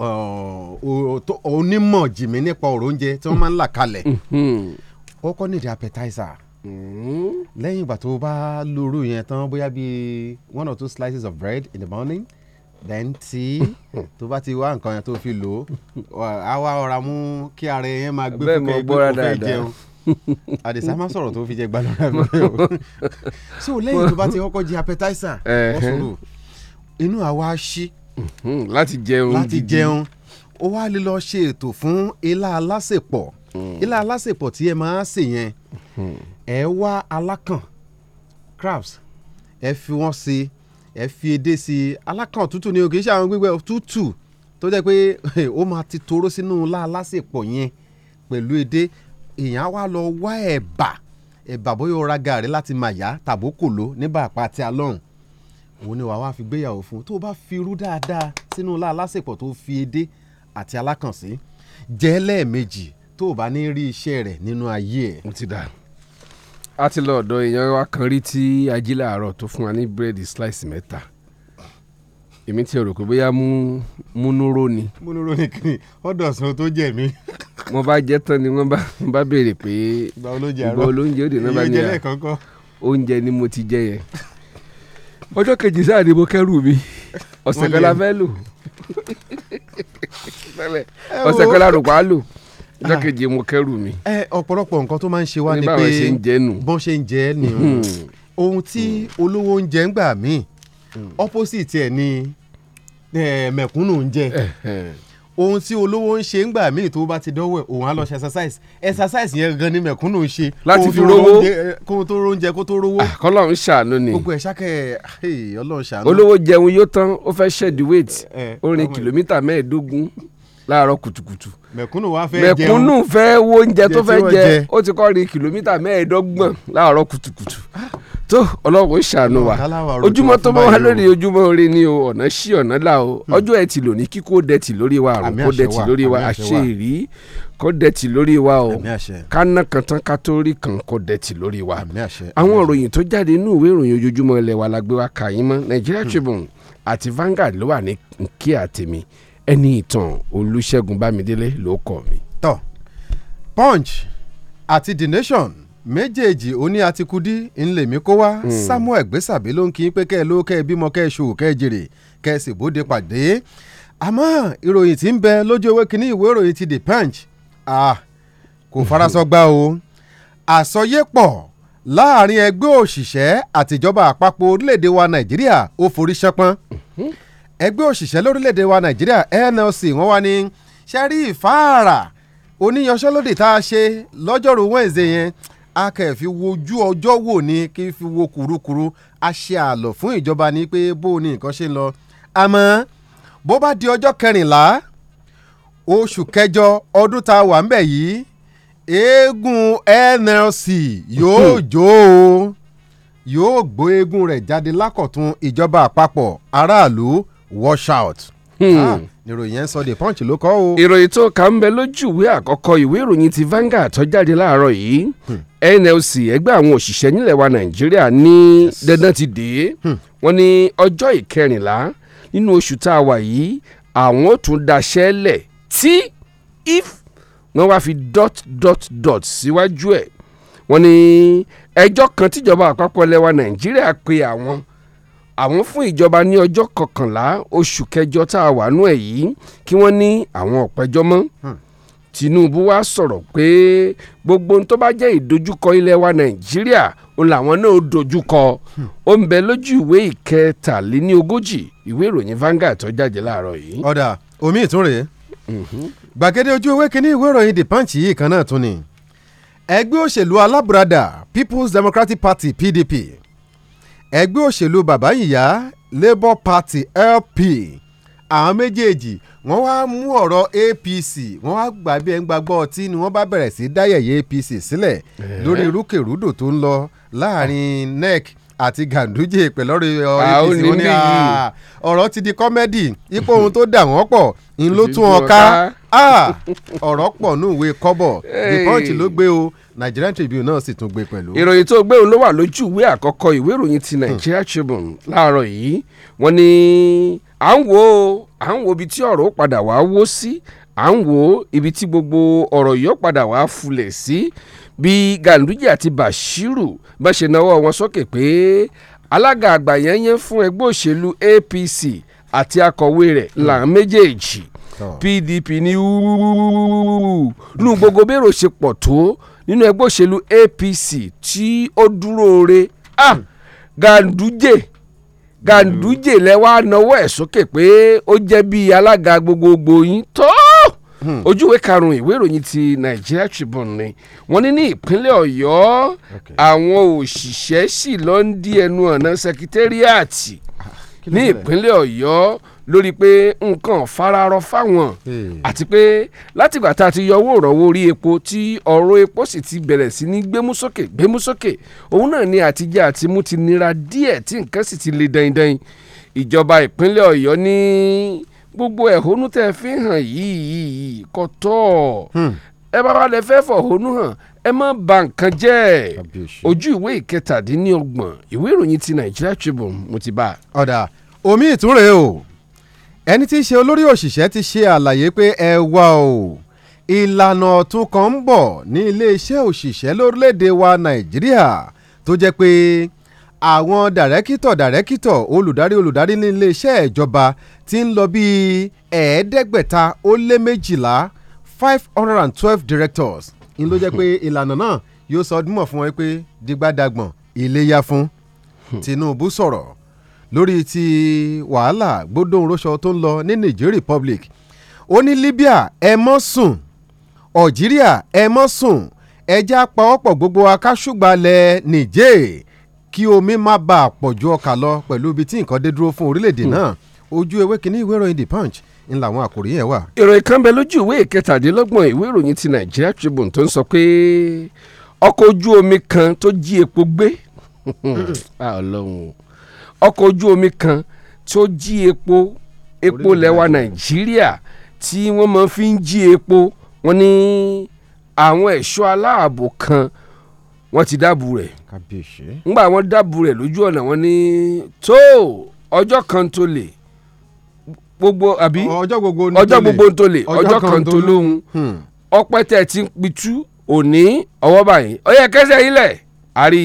[SPEAKER 13] onímọ̀ jìmí nípa ọ̀rọ̀ oúnjẹ tí wọ́n máa ń là kalẹ̀ mm-hmm. ó kọ́ nídìí appetizer mm-hmm. lẹ́yìn ìgbà tó bá lóru yẹn tán bóyá bíi one or two slices of bread in the morning then tea. tó bá ti wá nǹkan yẹn tó fi lò ó á wá ọ̀rá mú kí ara yẹn máa gbé fúkẹ́ gbé kó fẹ́ jẹun àdìsá máa sọ̀rọ̀ tó fi jẹ gbalọ́ra mi o so lẹ́yìn tó bá ti kọ́kọ́ jẹ appetizer ọ̀sùn lò inú àwa ṣí láti jẹun láti jẹun ó wá lè lọ ṣe ètò fún ilá alásèpọ̀ hmm. ilá alásèpọ̀ tí ẹ máa sè yẹn hmm. ẹ wá alákàn crabs ẹ fi wọ́n sí ẹ fi edé sí alákàn tútù ni o kì í ṣe àwọn gbígbẹ tútù tó jẹ́ pé ó máa ti toró sínú ilá alásèpọ̀ yẹn pẹ̀lú edé èèyàn á wá lọ wá ẹ̀bà ẹ̀bà bóyá ó ra gàrí láti màyà tàbókòló níbà àpá àti alọ́run òun ni wàá wá fi gbéyàwó fún tó o bá fi irú dáadáa sínú ilá alásèpọ̀ tó fi edé àti alákànsí jẹ́ lẹ́ẹ̀mejì tó o bá ní rí iṣẹ́ rẹ̀ nínú ayé ẹ̀. mo ti dà á ti lọ ọ̀dọ̀ èèyàn wa kan rí tí ají làárọ̀ tó fún wa ní
[SPEAKER 14] búrẹ́dì slice mẹ́ta èmi ti rò pé bóyá múnúró ni.
[SPEAKER 13] múnúró ni kiri ọdọ sàn tó jẹ mí.
[SPEAKER 14] mo bá jẹ tán ni wọn bá bá béèrè pé ìgbà olóúnjẹ àárọ̀ ìgbà olóúnjẹ òde ni mo ọjọ́ kejì sáà ni mo kẹ́rù mi ọ̀sẹ̀ kan la fẹ́ lò
[SPEAKER 13] ọ̀sẹ̀ kan la
[SPEAKER 14] rò pa á lò ọjọ́ ah. kejì mo kẹ́rù mi.
[SPEAKER 13] ẹ ọ̀pọ̀lọpọ̀ nǹkan tó máa ń ṣe wá ni pé bọ́n ṣe ń jẹ́ ni hmm. ohun tí hmm. olówó ń jẹ ń gbà míì hmm. opposite ẹ̀ ni mẹ̀kúnnù ń jẹ ohun tí olówó ń ṣe ńgbà míì tó bá ti dánwò òun á lọ ṣe exercise exercise yẹn gan ni mẹ̀kúnnù ń ṣe. láti fi rówó eh, kó tó róúnjẹ kó tó rówó. Ah,
[SPEAKER 14] kọ́lọ́run ṣàánú ni gbogbo
[SPEAKER 13] ẹ̀ ṣàkẹ́ ọlọ́run ṣàánú. olówó
[SPEAKER 14] jẹun yóò tán ó fẹ́ ṣẹ́ẹ̀dì weight eh, eh, ó rin kìlómítà mẹ́ẹ̀ẹ́dógún láàárọ̀ kùtùkùtù. mẹ̀kúnnù wá fẹ́ jẹun mẹ̀kúnnù fẹ́ wo oúnjẹ tó fẹ́ jẹ ó ti kọ́ rin kìlómítà mẹ́ẹ̀ẹ́dọ́gbọ̀n láàárọ̀ kùtùkùtù tó ọlọ́run ìṣàánú wa ojúmọ́ tó bá wà lórí ojúmọ́ orí ni o ọ̀nà sí ọ̀nà là o hmm. ọjọ́ ẹtì lónìí kíkó dẹ̀tì lórí wa àrùn kó dẹ̀tì lórí wa àṣẹ ìrí kó dẹ̀tì lórí wa o kánà kan tán ká tó kan kó dẹ̀tì lórí wa àwọn ìròyìn tó jáde inú ìwé ìròyìn ojoojúmọ́ ilẹ̀ wa la gbé wa kà yín mọ́ Nigeria hmm. Tribune àti Vanguard ló wà ní nkí àtẹ̀mí ẹni
[SPEAKER 13] ìtàn Olúṣẹ́gun Bámidélé ló kọ̀ mí. tọ́ Punch àti The Nation méjèèjì ó ní atikudí ńlẹ̀mí kó wá hmm. samuel gbèsàbí ló ń kí pé kẹ́ ẹ ló kẹ́ ẹ bímọ kẹ́ ẹ ṣòwò jèrè kẹ́ sì bóde pàdé àmọ́ ìròyìn tí ń bẹ lójú ewé kínní ìwé ìròyìn ti the punch ah kò hmm. farasọgbá o àsọyépọ̀ láàrin ẹgbẹ́ òṣìṣẹ́ àtìjọba àpapọ̀ orílẹ̀-èdè wa nàìjíríà ó forí ṣánpọ́n hmm. ẹgbẹ́ òṣìṣẹ́ lórílẹ̀-èdè wa nàìjíríà nlc wọ́n wá ní sẹ́rí ìfáàrà oníyanṣẹ́lódì tá a ṣe lọ́jọ́rùú wednesday yẹn a kẹ̀ fi wojú ọjọ́ wò ní kí fi wo kùrukùru a ṣe àlọ́ fún ìjọba ní pé bó o ní nǹkan ṣe ń lọ àmọ́ bó bá di ọjọ́ kẹrìnlá oṣù kẹjọ ọdún tá a wà ń bẹ̀ yìí eégún NLC yóò hmm. jó o yóò gbó eégún rẹ̀ jáde lákọ̀tún ìjọba àpapọ̀ aráàlú wash out. Hmm. Ah, ìròyìn yẹn sọ
[SPEAKER 14] the punch ló kọ́ o. ìròyìn tó kà ń bẹ lójú ìwé àkọ́kọ́ ìwé ìròyìn ti Vanguard tó jáde láàárọ̀ yìí hmm. NLC ẹgbẹ́ àwọn òṣìṣẹ́ nílẹ̀ wa Nàìjíríà ní dandan ti dé hmm. wọ́n ní ọjọ́ ìkẹrìnlá nínú oṣù tá a wà yìí àwọn ò tún daṣẹ́ lẹ̀ tí if wọ́n wá fi dot dot dot síwájú ẹ̀ wọ́n ní ẹjọ́ kan tíjọba àpapọ̀ lẹ̀ wa Nàìjíríà pè àwọn àwọn fún ìjọba ní ọjọ́ kọkànlá oṣù kẹjọ tá a wà nú ẹ̀ yìí kí wọ́n ní àwọn ọ̀pẹjọ́ mọ́ hmm. Tinubu wá sọ̀rọ̀ pé gbogbo ohun tó bá jẹ́ ìdojúkọ ilẹ̀ wa Nàìjíríà ó làwọn náà dojúkọ hmm. ó ń bẹ lójú ìwé ìkẹtàléníogójì ìwé ìròyìn Vanguard tó jáde láàárọ̀ yìí. ọ̀dà
[SPEAKER 13] omi ìtúnrẹ̀ mhm. gbàgede ojú ewé kínní ìwé ìròyìn The Punch yìí kan náà tún ni ẹgbẹ́ òṣèlú alábùradà People's Democratic Party PDP ẹgbẹ́ òṣèlú bàbá ìyá labour party lp àwọn méjèèjì wọ́n wá mú ọ̀rọ̀ apc wọ́n wá gbà bí ẹn gbàgbọ́ ọtí ni wọ́n bá bẹ̀rẹ̀ sí dáyẹ̀yẹ apc sílẹ̀ lórí rúkèrúdò tó ń lọ láàrin nec àti ganduje pẹ̀lọ́rọ̀ apc wọn ni ọ̀rọ̀ ti di kọ́mẹ́dì ipò ohun tó dà wọ́n pọ̀ ń ló tún wọn ká ọ̀rọ̀ pọ̀ nùwé kọ́bọ̀ the punch ló gbé o Nigerian Tribune náà sì tún gbé pẹ̀lú.
[SPEAKER 14] ìròyìn tó gbé ló wà lójú ìwé àkọ́kọ́ ìwé ìròyìn ti Nigeria Tribune láàárọ̀ yìí wọ́n ní à ń wo à ń wo ibi tí ọ̀rọ̀ padà wá wó sí à ń wo ibi tí gbogbo ọ̀rọ̀ yóò padà wá fulẹ̀ sí bí Ganduje àti Bashiru bá ṣe nawọ́ wọn sókè pé alága àgbà yẹn yẹn fún ẹgbẹ́ òṣèlú APC àti akọ̀wé rẹ̀ làwọn méjèèjì PDP hmm. ní wúrúwúrú nù gbogbo bẹ́rẹ̀ ṣe pọ̀ tó nínú ẹgbẹ́ òṣèlú APC tí ó dúró re ah, Ganduje Ganduje lẹ́wà náwó ẹ̀ sókè pé ó jẹ́ bí alága gbogbogbò yín tó hmm. ojúwe karùnún ìwé ìròyìn ti Nigeria Tribune ni wọ́n ní ní ìpínlẹ̀ Ọ̀yọ́ àwọn òṣìṣẹ́ sì lọ ń di ẹnu ọ̀nà secretariat ah, ní ìpínlẹ̀ Ọ̀yọ́ lórí pé nǹkan fararọ fáwọn hmm. àti pé látìgbà tá a ti yọ owó orí epo tí ọ̀rọ̀ epo sì ti bẹ̀rẹ̀ sí ní gbémúsókè gbémúsókè òun náà ni àtijẹ àtimú ti nira díẹ̀ tí nǹkan sì ti le dandan ìjọba ìpínlẹ̀ ọ̀yọ́ ní gbogbo ẹ̀hónú tẹ́ fi hàn yìí kò tọ́ hmm. ẹ bá wà lẹ fẹ́ fọ̀hónú hàn ẹ má ba nǹkan jẹ́ ojú ìwé ìkẹtàdínlọ́gbọ̀n ìwé ìròyìn ti Nigeria Tribune mo
[SPEAKER 13] ti bá. ọ̀dà omi ìtúre o ẹni tí í ṣe olórí òṣìṣẹ́ ti ṣe àlàyé pé ẹ wá o ìlànà ọ̀tun kan ń bọ̀ ní iléeṣẹ́ òṣìṣẹ́ lórílẹ̀‐èdè wa nàìjíríà tó jẹ́ pé àwọn dàrẹ́kítọ̀ dàrẹ́kítọ̀ olùdarí olùdarí ní iléeṣẹ́ ìjọba ti ń lọ bí ẹ̀ẹ́dẹ́gbẹ̀ta ó lé méjìlá five hundred and twelve directors ń ló jẹ́ pé ìlànà náà yóò sọ ọdún mọ̀ fún wọn pé dìgbàdàgbọ̀n iléyà fún hmm. Tinubu sọ̀rọ̀ lórí ti wàhálà gbódòun róṣọ tó ń lọ ní Niger Republic ó ní Libya ẹ mọ́ sùn Algeria ẹ mọ́ sùn ẹjẹ́ apawọ́pọ̀ gbogbo akáṣùgbàlẹ̀ Niger kí omi má bàa pọ̀jù ọkà lọ pẹ̀lú ibi tí nǹkan dé dúró fún orílẹ̀-èdè hmm. náà ojú ewé kínní ìwé ìròyìn The Punch ń làwọn àkòrí yẹn wà.
[SPEAKER 14] ìròyìn kan bẹ lójú ìwé ìkẹtàdínlọ́gbọ̀n ìwé ìròyìn ti Nigeria Tribune tó ń sọ pé ọkọ̀ ojú omi kan tó jí epo gbé hmm. ọlọ́run ọkọ̀ ojú omi kan tí ó jí epo epo lẹ́wà nàìjíríà tí wọ́n máa fi ń jí epo wọ́n ní àwọn ẹ̀ṣọ́ aláàbò kan wọ́n ti dáàbò rẹ̀ ńgbà wọ́n dáàbò rẹ̀ lójú ọ̀nà wọ́n ní tó ọjọ́ kan tó lè gbogbo àbí ọjọ́ gbogbo tó lè ọjọ́ kan tó lóhun hmm. ọpẹ́ tẹ̀ ti pitú òní ọwọ́ báyìí ó kẹsẹ̀ yín lẹ̀ àrí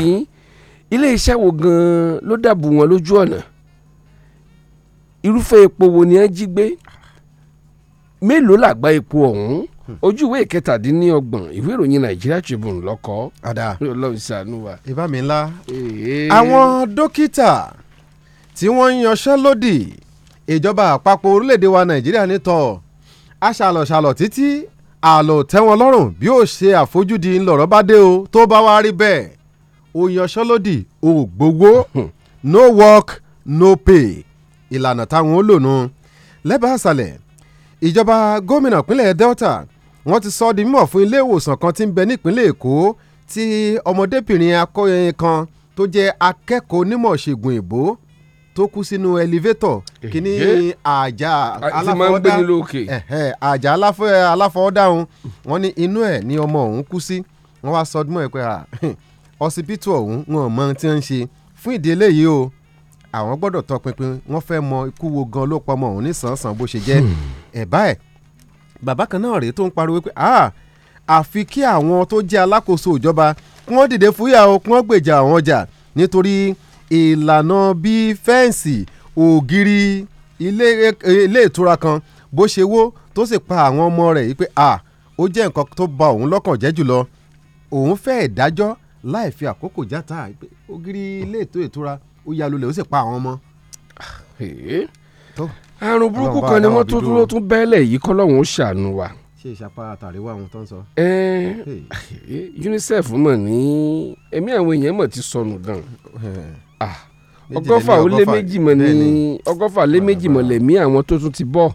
[SPEAKER 14] iléeṣẹ́ wo gan-an ló dàbù wọn lójú ọ̀nà irúfẹ́ epo wo ni wọ́n jí gbé mélòó làgbá epo ọ̀hún hmm. ojú ìwé ìkẹtàdínlọ́gbọ̀n ìwé ìròyìn nàìjíríà tribune lọ́kọ.
[SPEAKER 13] ọ̀dà ọlọ́run ṣàánú wa. ìbá mi ńlá. àwọn dókítà tí wọ́n ń yanṣẹ́ lódì ìjọba àpapọ̀ orílẹ̀‐èdè wa nàìjíríà nítọ̀ aṣàlọ̀ṣàlọ̀ títí àlò tẹ́wọn lọ́rùn bí ó ṣe àfojúdi ńlọrọ̀ bá dé o tó bá wá rí bẹ́ẹ̀ ó yanṣọ́lódì ó gbowó no work no pay ìlànà táwọn ó lò nù lẹ́bàá àṣàlẹ̀ ìjọba gómìnà ìpínlẹ̀ Delta wọ́n ti sọ ọ́ di mímọ̀ fún ilé ìwòsàn kan tí ń bẹ nípínlẹ̀ Èkó tí ọmọdébìnrin akọrin kan tó jẹ́ akẹ́kọ̀ọ́ onímọ̀ ṣègùn ìbò tó kú sínú ẹlivétọ̀ kíní àjà aláfọwọ́dá àjà aláfọwọ́dá wọn ní inú ẹ̀ ní ọmọ òun kú sí wọ́n wá sọdúnmọ́ ẹ̀ pé ọsibítù ọ̀hún wọn ò mọ ohun tí wọ́n ń ṣe fún ìdí eléyìí o àwọn gbọ́dọ̀ tọpinpin wọ́n fẹ́ mọ ikú wo gan ló pọmọ òun nísànsàn bó ṣe jẹ́ hmm. ẹ̀bá ẹ̀ bàbá kan náà rèé tó ń pariwo pé àfi kí àwọn tó jẹ́ alákòóso ìjọba kí wọ́n dìde fúyà o kí wọ́n gbèjà àwọn ọjà nítorí ìlànà bí fẹ́ǹsì ògiri ilé ìtura kan bó ṣe wó tó sì pa àwọn ọmọ rẹ̀ yìí pé ó jẹ́ nǹkan tó bà òun lọ́kàn jẹ́ jùlọ òun fẹ́ ìdájọ́ láì fi àkókò játa ògiri ilé ètò ìtura ó ya lulẹ̀ ó sì pa àwọn ọmọ. àrùn burúkú kan ni wọ́n tún dúró
[SPEAKER 14] tún bẹ́ẹ̀lẹ̀ yìí kọ́ lọ́hùn ó ṣàánú wa.
[SPEAKER 13] ṣé ìṣàpá àtàríwá àwọn tó ń sọ.
[SPEAKER 14] UNICEF mọ̀ ní ẹ̀mí àwọn èèyàn mọ̀ ti sọnù gan ah, ọgọ́fà ó lé méjì mọ̀ ní ọgọ́fà lé méjì mọ̀ lẹ̀mí àwọn tó tún ti bọ́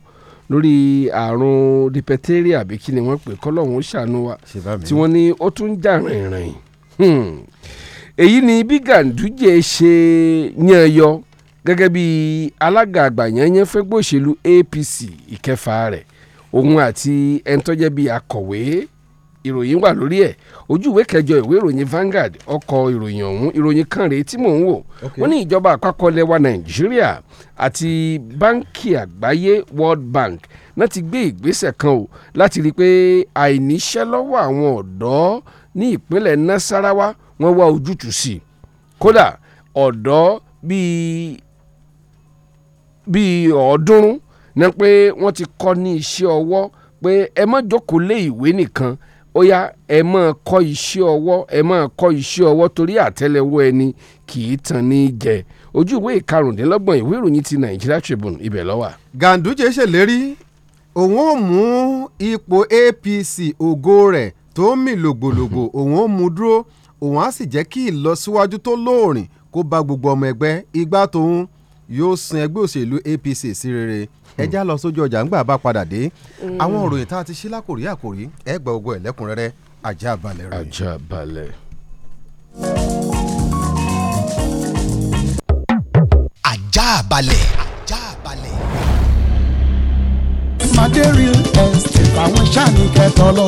[SPEAKER 14] lórí àrùn dipẹtẹ́rì àbí kí ni wọ́n pè kọ́ lọ́hùn ó ṣàánú wa tí wọ́n ní ó tún jà rìnrìn Hmm. èyí ni bí Ganduje ṣe yan yọ gẹ́gẹ́ bí alága àgbà yẹnyẹn fẹ́gbẹ́ òṣèlú APC ìkẹfà rẹ̀ òun àti ẹni tó jẹ́ bí akọ̀wé ìròyìn wà lórí ẹ̀ ojú ìwé kẹjọ ìwé ìròyìn Vanguard ọkọ̀ ìròyìn ọ̀hún ìròyìn kan rèé tí mò ń wò wọ́n ní ìjọba àpapọ̀ lẹwa Nàìjíríà àti báńkì àgbáyé World Bank náà ti gbé ìgbésẹ̀ kan o láti rí i pé àìníṣẹ́ lọ́wọ́ àwọn ọ̀dọ́ ní ìpínlẹ̀ nasarawa wọ́n wá ojútùú sí i kódà ọ̀dọ́ bíi bíi ọ̀ọ́dúnrún ni pé wọ́n ti kọ́ ní iṣẹ́ ọwọ́ pé ẹ má jókòó lé ìwé nìkan ó yá ẹ máa kọ́ iṣẹ́ ọwọ́ ẹ máa kọ́ iṣẹ́ ọwọ́ torí àtẹ́lẹwọ́ ẹni kì í tan ní jẹ ojú ìwé
[SPEAKER 13] ìkarùndínlọ́gbọ̀n ìwé ìròyìn ti Nigeria Tribune ibẹ̀ ló Ganduje ṣèlérí òun ò mú ipò APC ògo rẹ̀ tó ń mì lògbòlògbò òun ó mú dúró òun á sì jẹ́ kí ìlọsíwájú tó lóòrìn kó bá gbogbo ọmọ ẹgbẹ́ igbá tòun yóò sin ẹgbẹ́ òṣèlú APC sí rere ẹjá lọ sójú ọjà ńgbà bá padà dé àwọn hmm. òròyìn tá a ti ṣí lákòrí àkòrí ẹ gba ogun ẹ̀lẹ́kùnrẹ́rẹ́ ajá balẹ̀ rẹ̀. ajá balẹ̀.
[SPEAKER 6] ajá balẹ̀. ajá balẹ̀. madé real estate àwọn sáà ní kẹtọ lọ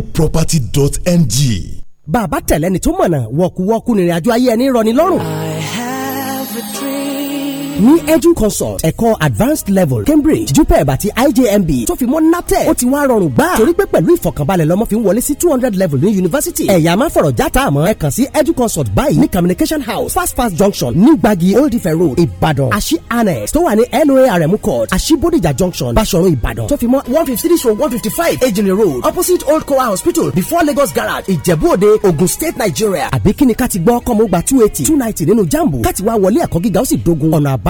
[SPEAKER 1] adeproperty.ng. bàbá tẹ̀lẹ́ni tó mọ̀nà wọ̀kúwọ́kú nìrìnàjò ayé ẹni rọ̀ ní lọ́rùn.
[SPEAKER 12] I
[SPEAKER 11] ní edun consult ẹ̀kọ́ advanced level cambridge jupeb àti ijmb tó fi mọ́ natec ó ti wá rọrùn gbà torí pé pẹ̀lú ìfọ̀kànbalẹ̀ lọ́mọ fi ń wọlé sí two hundred level ní yunifásitì ẹ̀yà máa fọ̀rọ̀ játa àmọ́ ẹ kàn sí edun consult báyìí ní communication house fast fast junction ní gbagi old ife road ìbàdàn àṣì annex tó wà ní noarm court àṣì bodijà junction basọ̀run ìbàdàn tó fi mọ́ one fifty three to one fifty five ejinle road opposite old kowa hospital before lagos garage ìjẹ̀bú-òde ogun state nigeria àbí kíni ká ti gbọ́ kọ́mọ́gbà two eighty two ninety nínú jambu ká ti wá wọlé ẹ̀kọ́ gíga ó sì dogun ọ̀nà àbá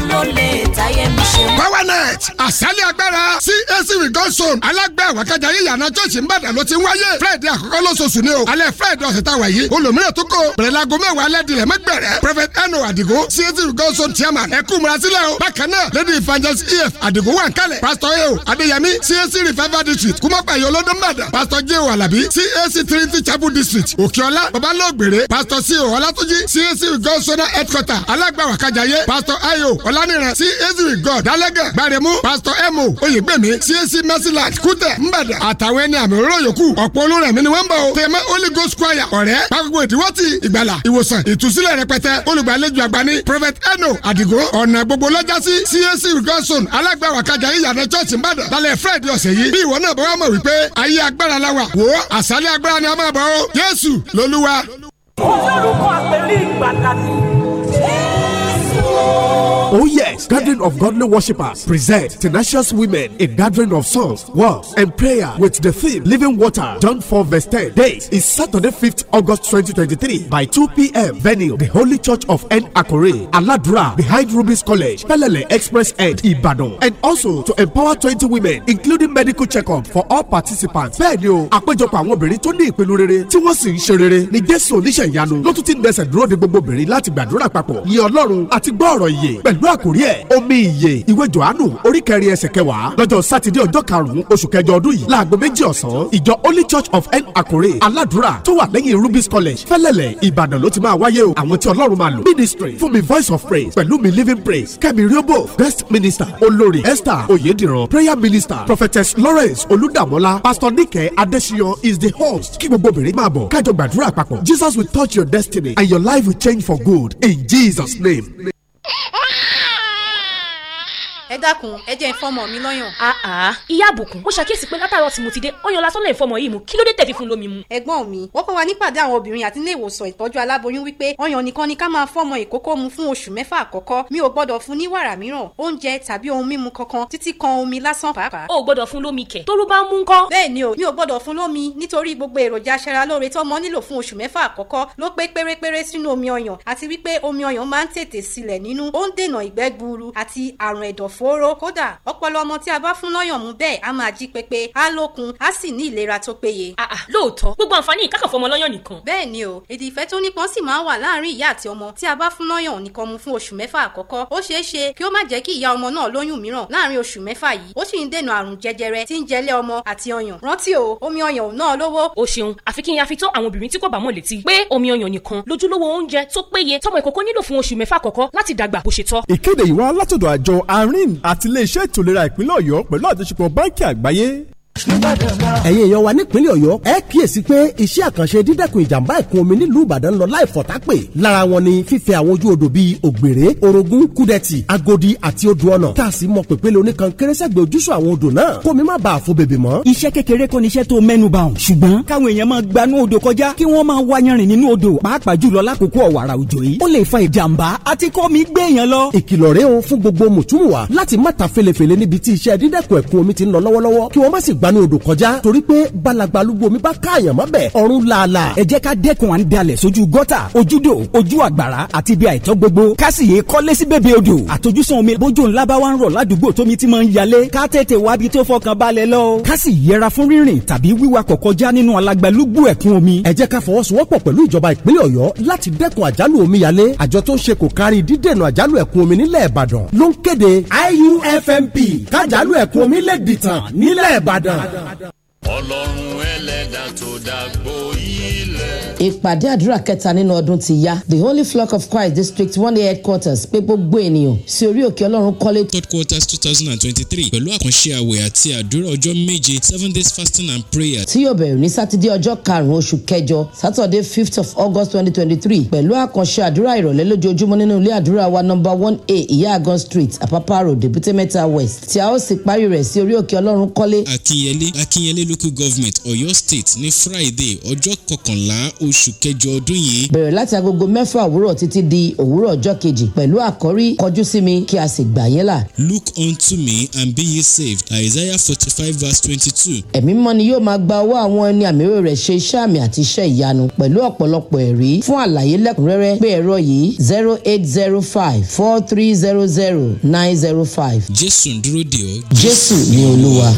[SPEAKER 12] nìkan ló lè táyé mi
[SPEAKER 8] ṣe. powernet àṣálẹ̀ agbára cac regal zone alágbẹ́ àwàkájà yíyà náà jọ́ọ̀ṣì ńbàdàn ló ti ń wáyé friday àkọ́kọ́ lóṣooṣù ni o alẹ́ friday ọ̀sẹ̀ tá a wà yìí olùmíràn tó kọ bẹ̀rẹ̀ lago mẹ́wàá alẹ́ dilẹ̀ prophet eno adigo cac regal zone chairman ẹ̀kú múrasílẹ̀ o bákan náà lady evangelist ef adigo wà ń kalẹ̀ pastor eo adéyẹmí cac revival district kúmọ́pàyọ̀ olódó ńbàdàn pastor j o alabi cac trinity chapel district òkèọlá babalóògbèrè pastor c o ọlátúnjì cac regal zone headquarter alágbàwàkájà yé pastor ayo ọ̀lànìràn sí ezri god dálẹ́gẹ̀ gbàrẹ̀mú pásítọ̀ emo oyègbèmí csc mercyland kútẹ̀ mbàdà àtàwọn ẹni àmì òróró yòókù ọ̀pọ̀ olórẹ̀mí ni wọ́n ń bọ̀ o tẹ̀mẹ́ holy ghost choir ọ̀rẹ́ pápákọ̀ ìdíwọ́ ti ìgbàlà ìwòsàn ìtúsílẹ̀ rẹpẹtẹ olùgbàlejò àgbà ni prophet eno adigo ọ̀nà gbogbo lọ́jà sí csc rigonson alágbàwà kájà ìyànà church mbàdà lálẹ́ friday ọ̀sẹ̀ yìí bí ìwọ náà bọ́ wá mọ̀ wípé ayé agbára la wà wò ó àṣálẹ́ a máa bọ̀ o jésù lolúwa.
[SPEAKER 9] olórúkọ àpèlé ìgbàlá
[SPEAKER 1] Oh yes, Gathering of Godly Worshippers present Tenacious Women, in gathering of Souls, words, and prayer with the theme Living Water, John 4 verse 10. Date is Saturday 5th August 2023 by 2 p.m. Venue, the Holy Church of N. Akore, Aladra, behind Ruby's College, Pelele Express End, Ibadan. And also to empower 20 women, including medical checkup for all participants. Venue: o, àpéjọpọ̀ àwọn obìnrin tó ní ìpinnu rere tí wọ́n sì ń ṣe rere ni Jésù oníṣẹ́ ìyanu ló tún ti ń gbẹ̀sẹ̀ dúró de gbogbo obìnrin pẹ̀lú àkórí ẹ̀ omi ìyè ìwé johannu orí kẹrin ẹsẹ̀ kẹwàá lọ́jọ́ sátidé ọjọ́ karùn-ún oṣù kẹjọ ọdún yìí láago méjì ọ̀sán ìjọ holy church of n akore aládùúrà tó wà lẹ́yìn rubis college fẹ́lẹ́lẹ̀ ìbàdàn ló ti máa wáyé o àwọn tí ọlọ́run máa lò ministry fún mi voice of praise pẹ̀lú mi living praise kẹ́mi riobo best minister olórí esther oyediran prayer minister prophetess lawrence olùdàmọ́lá pastor nike adesiyan is the host kí gbogbo obìnrin máa bọ̀ kájọ gbàdúrà papọ̀ jesus will touch your destiny and your life will change for good in jesus name
[SPEAKER 12] ẹ dákun ẹ jẹ́ ìfọmọ mi lọ́yàn. àà ah, ah. ìyá àbùkún ó ṣàkíyèsí pé látàárọ̀ tí mo ti dé ọyàn lásán lè fọmọ yìí mu kí ló dé tẹ̀fí fún lómi mu. ẹ̀gbọ́n mi wọ́n kọ́ wa nípàdé àwọn obìnrin àti ilé ìwòsàn ìtọ́jú aláboyún wípé ọyàn nìkan ni ká máa fọmọ ìkókó mu fún oṣù mẹ́fà àkọ́kọ́ mi ò gbọ́dọ̀ fún ní wàrà mìíràn oúnjẹ tàbí ohun mímu kankan títí kan omi lásán pàápàá. o ò gbọ́dọ̀ fún lómi kẹ̀ torú bá ń mú kọ́. bẹ́ẹ̀ ni o mi ò gbọ́dọ̀ fún lómi nítorí gbogbo èròjà aṣaralóore tọ́mọ nílò fún oṣù mẹ́fà àkọ́kọ́ ló pé pérépéré sínú omi ọyàn àti wípé omi ọyàn máa ń tètè sílẹ̀ nínú ó ń dènà ìgbẹ́ gbuuru òfòòró kódà ọpọlọ ọmọ tí a bá fún lọ́yàn mú bẹ́ẹ̀ á máa jí pépé á lókun á sì ní ìlera tó péye. àà ah, ah, lóòótọ́ gbogbo àǹfààní ìkákọ̀ fọmọ lọ́yàn nìkan. bẹ́ẹ̀ ni o èdè ìfẹ́ tó nípọn sì máa ń wà láàárín ìyá àti ọmọ tí a bá fún lọ́yàn nìkan mu fún oṣù mẹ́fà àkọ́kọ́ ó ṣeé ṣe kí ó má jẹ́ kí ìyá ọmọ náà lóyún mìíràn láàárín oṣù mẹ́fà yìí ó sì ń dènà àrùn jẹjẹrẹ tí ń o omi ọyàn ò náà lówó. o ṣeun
[SPEAKER 11] àfi kí n ya fi omi ọyàn nìkan lójúlówó oúnjẹ tó péye tọmọ ìkókó nílò fún oṣù mẹ́fà àkọ́kọ́ láti dàgbà bó ṣe tọ́.
[SPEAKER 1] ìkéde ìwá látọ̀dọ̀ àjọ àárín àti iléeṣẹ́ ètò ìlera ìpínlẹ̀ ọ̀yọ́ pẹ̀lú àjọṣepọ̀ báńkì àgbáyé ẹ̀yin èèyàn wa nípínlẹ̀ ọ̀yọ́ ẹ kíyèsí pé iṣẹ́ àkànṣe dídẹ́kun ìjàmbá ẹ̀kún omi nílùú ìbàdàn lọ láì fọ̀tápè lára wọn ni fífẹ́ àwọn ojú odò bíi ògbèrè orogún kúdẹ̀tì agodi àti odò ọ̀nà tá a sì mọ pèpele oníkan kérésẹ́gbẹ̀ ojúṣọ àwọn odò náà kómi má bàa fo bèbè mọ́. iṣẹ́
[SPEAKER 11] kékeré kọ́ ni iṣẹ́ tó mẹ́nu bà ṣùgbọ́n káwọn èèyàn máa gbanú odò kọjá kí wọ́n máa wáyanrìn nínú odò pàápàá jùlọ o fún gbogbo
[SPEAKER 1] mùtúmùwà láti má ta felefele níbi tí iṣẹ́ dídẹ́kun ẹ̀kún omi ti ń lọ lọ́wọ́lọ́wọ́ kí wọ́n má gb gbanú odò kọjá torí pé balagba lugbomi bá káàyàn mọ́ ọ̀run làálà. ẹ jẹ́ ká dẹ́kun à ń dalẹ̀ sójú
[SPEAKER 11] gọ́tà ojúdò ojú àgbàrá àti ibi àìtọ́ gbogbo kásìyè kọ́lé sí bèbè odò àtọ́júsùn omi bójú ńlá bá wà ń rọ̀ ládùúgbò tómi ti máa ń yalé ká tètè wábi tó fọkàn balẹ̀ lọ. kásì yẹra fún
[SPEAKER 1] rírìn tàbí wíwakọ̀ kọjá nínú alagbalúgbú ẹ̀kún omi. ẹ ká fọwọ́sowọ́pọ̀
[SPEAKER 9] ọlọ́run ẹlẹ́dàá tó dá gbọ́
[SPEAKER 2] ìpàdé àdúrà kẹta nínú ọdún ti yá the holy flock of christ district one a headquarters pé gbogbo ènìyàn sí orí òkè ọlọ́run kọ́lé.
[SPEAKER 14] third quarter two thousand and twenty-three pẹ̀lú àkànṣe àwẹ̀ àti àdúrà ọjọ́ méje seven days
[SPEAKER 2] fasting and prayer. tí yóò bẹ̀rẹ̀ ní sátidé ọjọ́ karùn-ún oṣù kẹjọ saturday fifth of august twenty twenty-three pẹ̀lú àkànṣe àdúrà ìrọ̀lẹ́ lójoojúmọ́ nínú ilé àdúrà wa number one a ìyáàgàn street àpápá road èbúté mẹ́ta west tí a ó sì parí rẹ̀ sí orí òkè ọlọ́run kọ́lé.
[SPEAKER 12] akínyẹlé akínyẹlé
[SPEAKER 14] local government ọ̀yọ́ state ní friday ọjọ́ kọkànlá oṣù kẹjọ ọdún yìí.
[SPEAKER 2] bẹ̀rẹ̀ láti agogo mẹ́fà òwúrọ̀ títí di òwúrọ̀ ọjọ́ kejì pẹ̀lú àkọ́rí kọjú sí mi kí a sì gbà yín là.
[SPEAKER 9] look unto me and be ye saved isaiah forty five verse twenty two.
[SPEAKER 2] ẹ̀mí mọ́ ni yóò máa gba ọwọ́ àwọn ẹni àmì rẹ̀ ṣe iṣẹ́ àmì àti iṣẹ́ ìyanu pẹ̀lú ọ̀pọ̀lọpọ̀ ẹ̀rí fún àlàyé lẹ́kùnrẹ́rẹ́ pé ẹ̀rọ yìí zero eight zero five four three zero zero nine zero five. jésù dúró dè ọ́. jésù ni olúwa.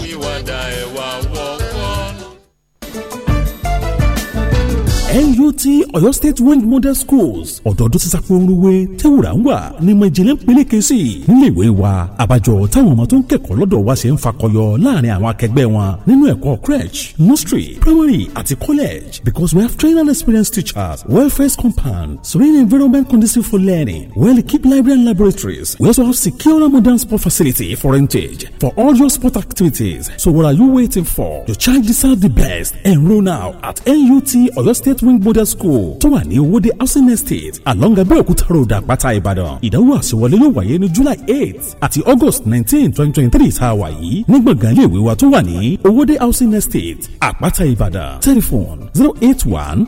[SPEAKER 2] NUT Ọ̀yọ́ State Wing
[SPEAKER 1] Model Schools ọ̀dọ́ọdún sísá pọ́nrúwé tẹ́wùrà ń wà ní ìmọ̀ ìjìnlẹ̀ ń peléke sí i nílé ìwé wa àbájọ táwọn ọmọ tó ń kẹ́kọ̀ọ́ lọ́dọ̀ wa ṣe ń fakọyọ láàrin àwọn akẹgbẹ́ wọn nínú ẹ̀kọ́ crèche nursery primary àti college because we have trained and experienced teachers well compound serene environment conducive for learning well-equipped library and laboratories we also have secure and modern sport facility for rentage for all your sport activities so what are you waiting for your child deserves the best enroll now at NUT Ọ̀yọ́ State South Model School tó wà ní Owóde Housing Estate along Abeokuta Road Àpáta Ìbàdàn. Ìdánwò àṣewọlé yóò wáyé ní July 8 àti August 19, 2023, twenty three tá a wà yìí ní gbọ̀ngàn ilé ìwé wa tó wà ní Owóde Housing Estate Àpáta Ìbàdàn. Telephone zero eight one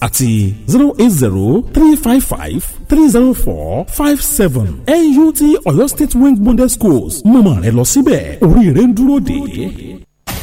[SPEAKER 1] àti zero eight three zero four five seven NUT Ọ̀yọ́ State Wing Model Schools mọ̀mọ́ rẹ lọ síbẹ̀
[SPEAKER 5] oríire ń dúró dè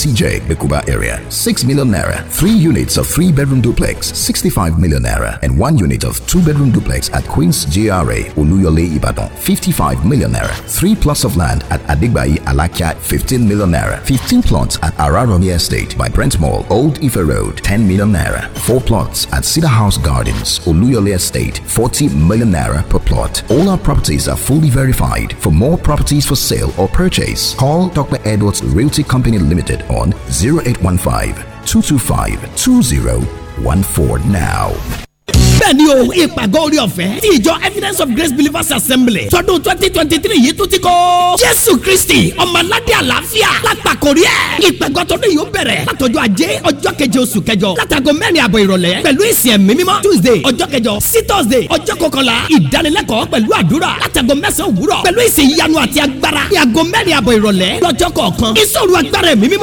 [SPEAKER 5] CJ, Bekuba area, 6 million naira. Three units of three bedroom duplex, 65 million naira. And one unit of two bedroom duplex at Queen's GRA, Oluyole, Ibadan, 55 million naira. Three plots of land at Adigbai, Alakia, 15 million naira. 15 plots at Araromi Estate by Brent Mall, Old Ife Road, 10 million naira. Four plots at Cedar House Gardens, Oluyole Estate, 40 million naira per plot. All our properties are fully verified. For more properties for sale or purchase, call Dr. Edwards Realty Company Limited on 0815 225 2014 now. bẹ́ẹ̀ni o ìpàgọ́ orí ọ̀fẹ́ tí ìjọ evidence of
[SPEAKER 6] grace believers assembly tọdún twenty twenty three yìí tún ti kọ́. jésù kristi ọmọládé àlàáfíà látàkórí ẹ̀. ìpàgọ́ tọdún yìí ó bẹ̀rẹ̀ látọjọ́ ajé ọjọ́ keje oṣù kẹjọ látago mẹ́rin àbọ̀ ìrọ̀lẹ́ pẹ̀lú ìsìn mímọ́ tuesday ọjọ́ kẹjọ sí thursday ọjọ́ kọkànlá ìdánilẹ́kọ̀ọ́ pẹ̀lú àdúrà látago mẹ́sàn òwúrọ̀ pẹ̀lú ìsìn ìyanu àti agbára ní ago mẹ́rin àbọ̀ ìrọ̀lẹ́ lọ́jọ́ kọ̀ọ̀kan ìṣòro agbára ẹ̀mí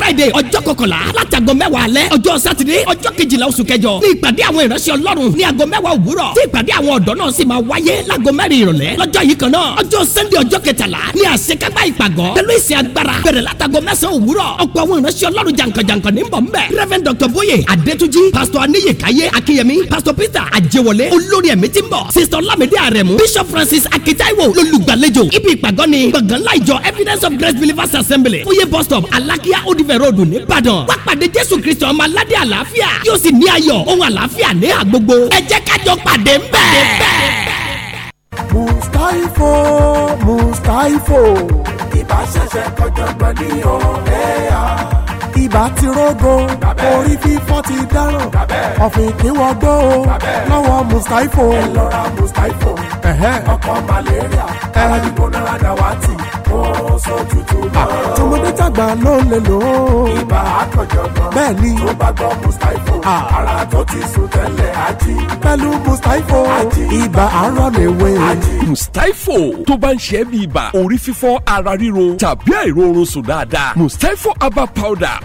[SPEAKER 6] friday ọjọ́ kọkànlá látago mẹ́wàá alẹ́ ọjọ́ sátidé ọjọ́ kejìlá oṣù kẹjọ ní ìpàdé àwọn ìránṣẹ́ ọlọ́run ní aago mẹ́wàá òwúrọ̀ tí ìpàdé àwọn ọ̀dọ́ náà sì máa wáyé láago mẹ́rin ìrọ̀lẹ́ lọ́jọ́ yìí kan náà ọjọ́ sẹ́ndé ọjọ́ kẹtàlá ní àṣekágbá ìpàgọ́ pẹ̀lú ìsìn agbára bẹ̀rẹ̀ látago mẹ́sàn-án òwúrọ̀ ọ̀pọ̀ àwọn ìránṣẹ́ ọlọ́run jàǹkànjàǹkàn ní bọ̀ ńbẹ̀ Rev. Dr. Boye Adetuji Pastor Aniyekaye Akiyemi Pastor Peter Ajewole olórí ẹ̀mí ti ń bọ̀ Sister Olamide Aremu Bishop Francis Akitaiwo lolùgbàlejò ibi ìpàgọ́ ni gbọ̀ngànlá ìjọ Evidence of Grace Believers Assembly Oye bus stop Alakia Odive Road ní Ìbàdàn wá pàdé Jésù Kristi ọmọ aládé àlàáfíà dáadáa yóò sì ní ayọ̀ ohun àlàáfíà ní àgbogbo ẹ jẹ́ kájọ pàdé ńbẹ̀.
[SPEAKER 9] mustaifo mustaifo ibà kọjọ́ gbọ́n ọ̀rẹ́ à ibà ti rógo orí fífọ́ ti dáràn ọ̀fìn ìkínwọ́gbó o lọ́wọ́ mùsáífò. ẹ lọ ra mùsáífò ọkọ̀ malaria aládìgbò náírà dàwátì ó sọ tutù náà. Ah, tọmọdé tàgbà ló ń lè lò ó. ibà àkànjọ̀gbọ́n bẹ́ẹ̀ ni tó bá gbọ́ mùsáífò ah. ara tó ti sùn tẹ́lẹ̀ ají. pẹ̀lú
[SPEAKER 1] mùsáífò ibà arọ lè wé. mùsáífò tó bá ń ṣe é bí ibà orí fífọ́ ara ríro tàbí àìróorun sùn dáadáa mùsáífò herbal powder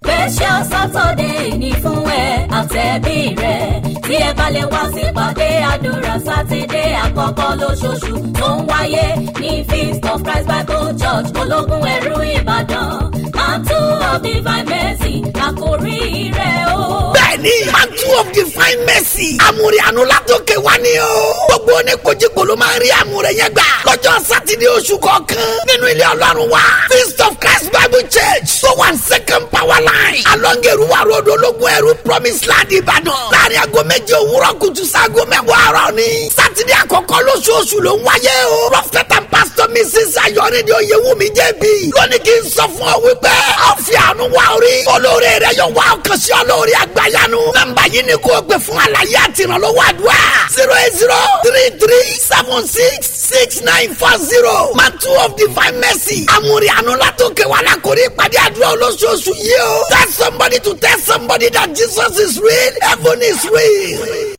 [SPEAKER 12] Precious saturday ni fún ẹ àtẹ̀bí rẹ tí ẹ bá lè wá sípàdé àdúrà sátidé àkọ́kọ́ lóṣooṣù tó ń wáyé ní feast of christ bible church ológun ẹ̀rú ìbàdàn mantle of divine mercy àkórí rẹ̀ o.
[SPEAKER 6] bẹ́ẹ̀ni virtue of divine mercy. àmúre àánú látòkè wá ni o. gbogbo oníkojúkò ló máa rí àmúre yẹn gbà. lọ́jọ́ sátidé oṣù kọ̀ọ̀kan nínú ilé ọlọ́run wa. feast of christ bible church tó one second power line. alongeru wa road ológun ẹrú promise land ìbàdàn. láàrin aago méje òwúrọ̀ kùtù sáago mẹ́wàá àárọ̀ ni. sátidé àkọ́kọ́ lóṣooṣù ló ń wáyé o. prophet and pastor mrs ayọ̀rẹ́dẹ̀ oyewumi jẹ́bi. lónìí kì í sọ fún ọ wípé ọ fi àánú wá orí. olóore àlàyé yóò wá ọkàn sí ọ lórí àgbáyanu. yìí ni kò gbé fún àlàyé àtìrànlọ́wọ́ àdúrà. zero eight zero three three seven six six nine four zero. two of divine mercy. amúri ànúlá tó kẹwàá la kò ní ìpàdé àdúrà olóṣooṣù yìí o. tell somebody to tell somebody that Jesus is real heaven is real.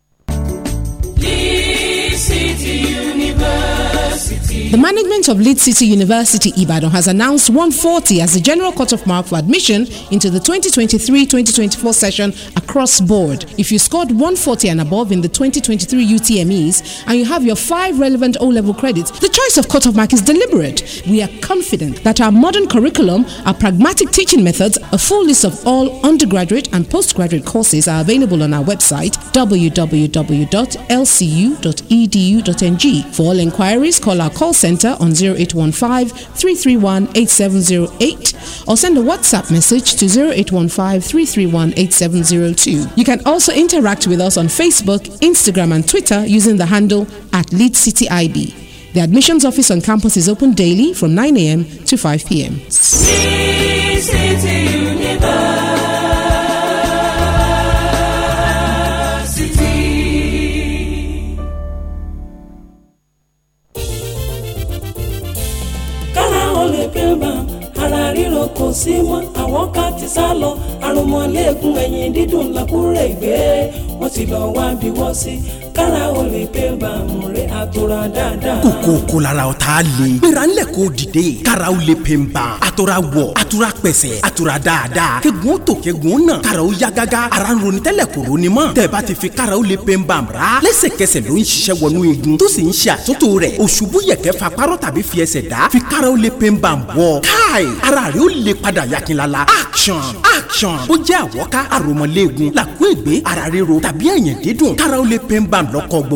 [SPEAKER 2] The management of Leeds City University Ibadan has announced 140 as the general cut-off mark for admission into the 2023-2024 session across board. If you scored 140 and above in the 2023 UTMEs and you have your five relevant O-level credits, the choice of cut-off mark is deliberate. We are confident that our modern curriculum, our pragmatic teaching methods, a full list of all undergraduate and postgraduate courses are available on our website www.lcu.edu.ng. For all inquiries, call our call Center on 0815 331 8708 or send a WhatsApp message to 0815 331 8702. You can also interact with us on Facebook, Instagram, and Twitter using the handle at Lead City IB. The admissions office on campus is open daily from 9 a.m. to 5 p.m.
[SPEAKER 9] ò sí mọ́ àwọn ká ti sá lọ àrùn mọ́lẹ́gùn ẹ̀yìn dídùn làkúrẹ́ ìgbé wọ́n ti lọ wá bí wọ́n sí kára o lè pé bàmù rẹ̀ àtòrà dáadáa.
[SPEAKER 6] kòkó kò lára ọ̀ tá a lè. gbéra ńlẹ̀ kò dìde. kára o lè pè ń ban. àtòrà wọ̀ àtòrà pẹ̀sẹ̀ àtòrà dáadáa. kegun
[SPEAKER 1] tó kegun náà. kára o ya gágá. ara ń ronú tẹ́lẹ̀ kò ronú mọ́. tẹ̀bá ti fi kára o lè pè ń ban ra. lẹ́sẹ̀kẹsẹ̀ ló ń ṣiṣẹ́ wọnú igun. tó sì ń ṣe àtúntò rẹ̀. òṣùbù yẹ̀kẹ́ fa párọ̀ tàbí fi ẹsẹ̀ dá. fi kára o lè pè ń ban bọ̀. káì ara rẹ̀ ó lè padà yakinlala. action action ó jẹ́ àwọ́ká àròmọ̀lẹ́gun làkúègbé ara ríro t tàbí àyàn dídùn kára ó lè pain
[SPEAKER 14] balm lọ́kàn gbogbo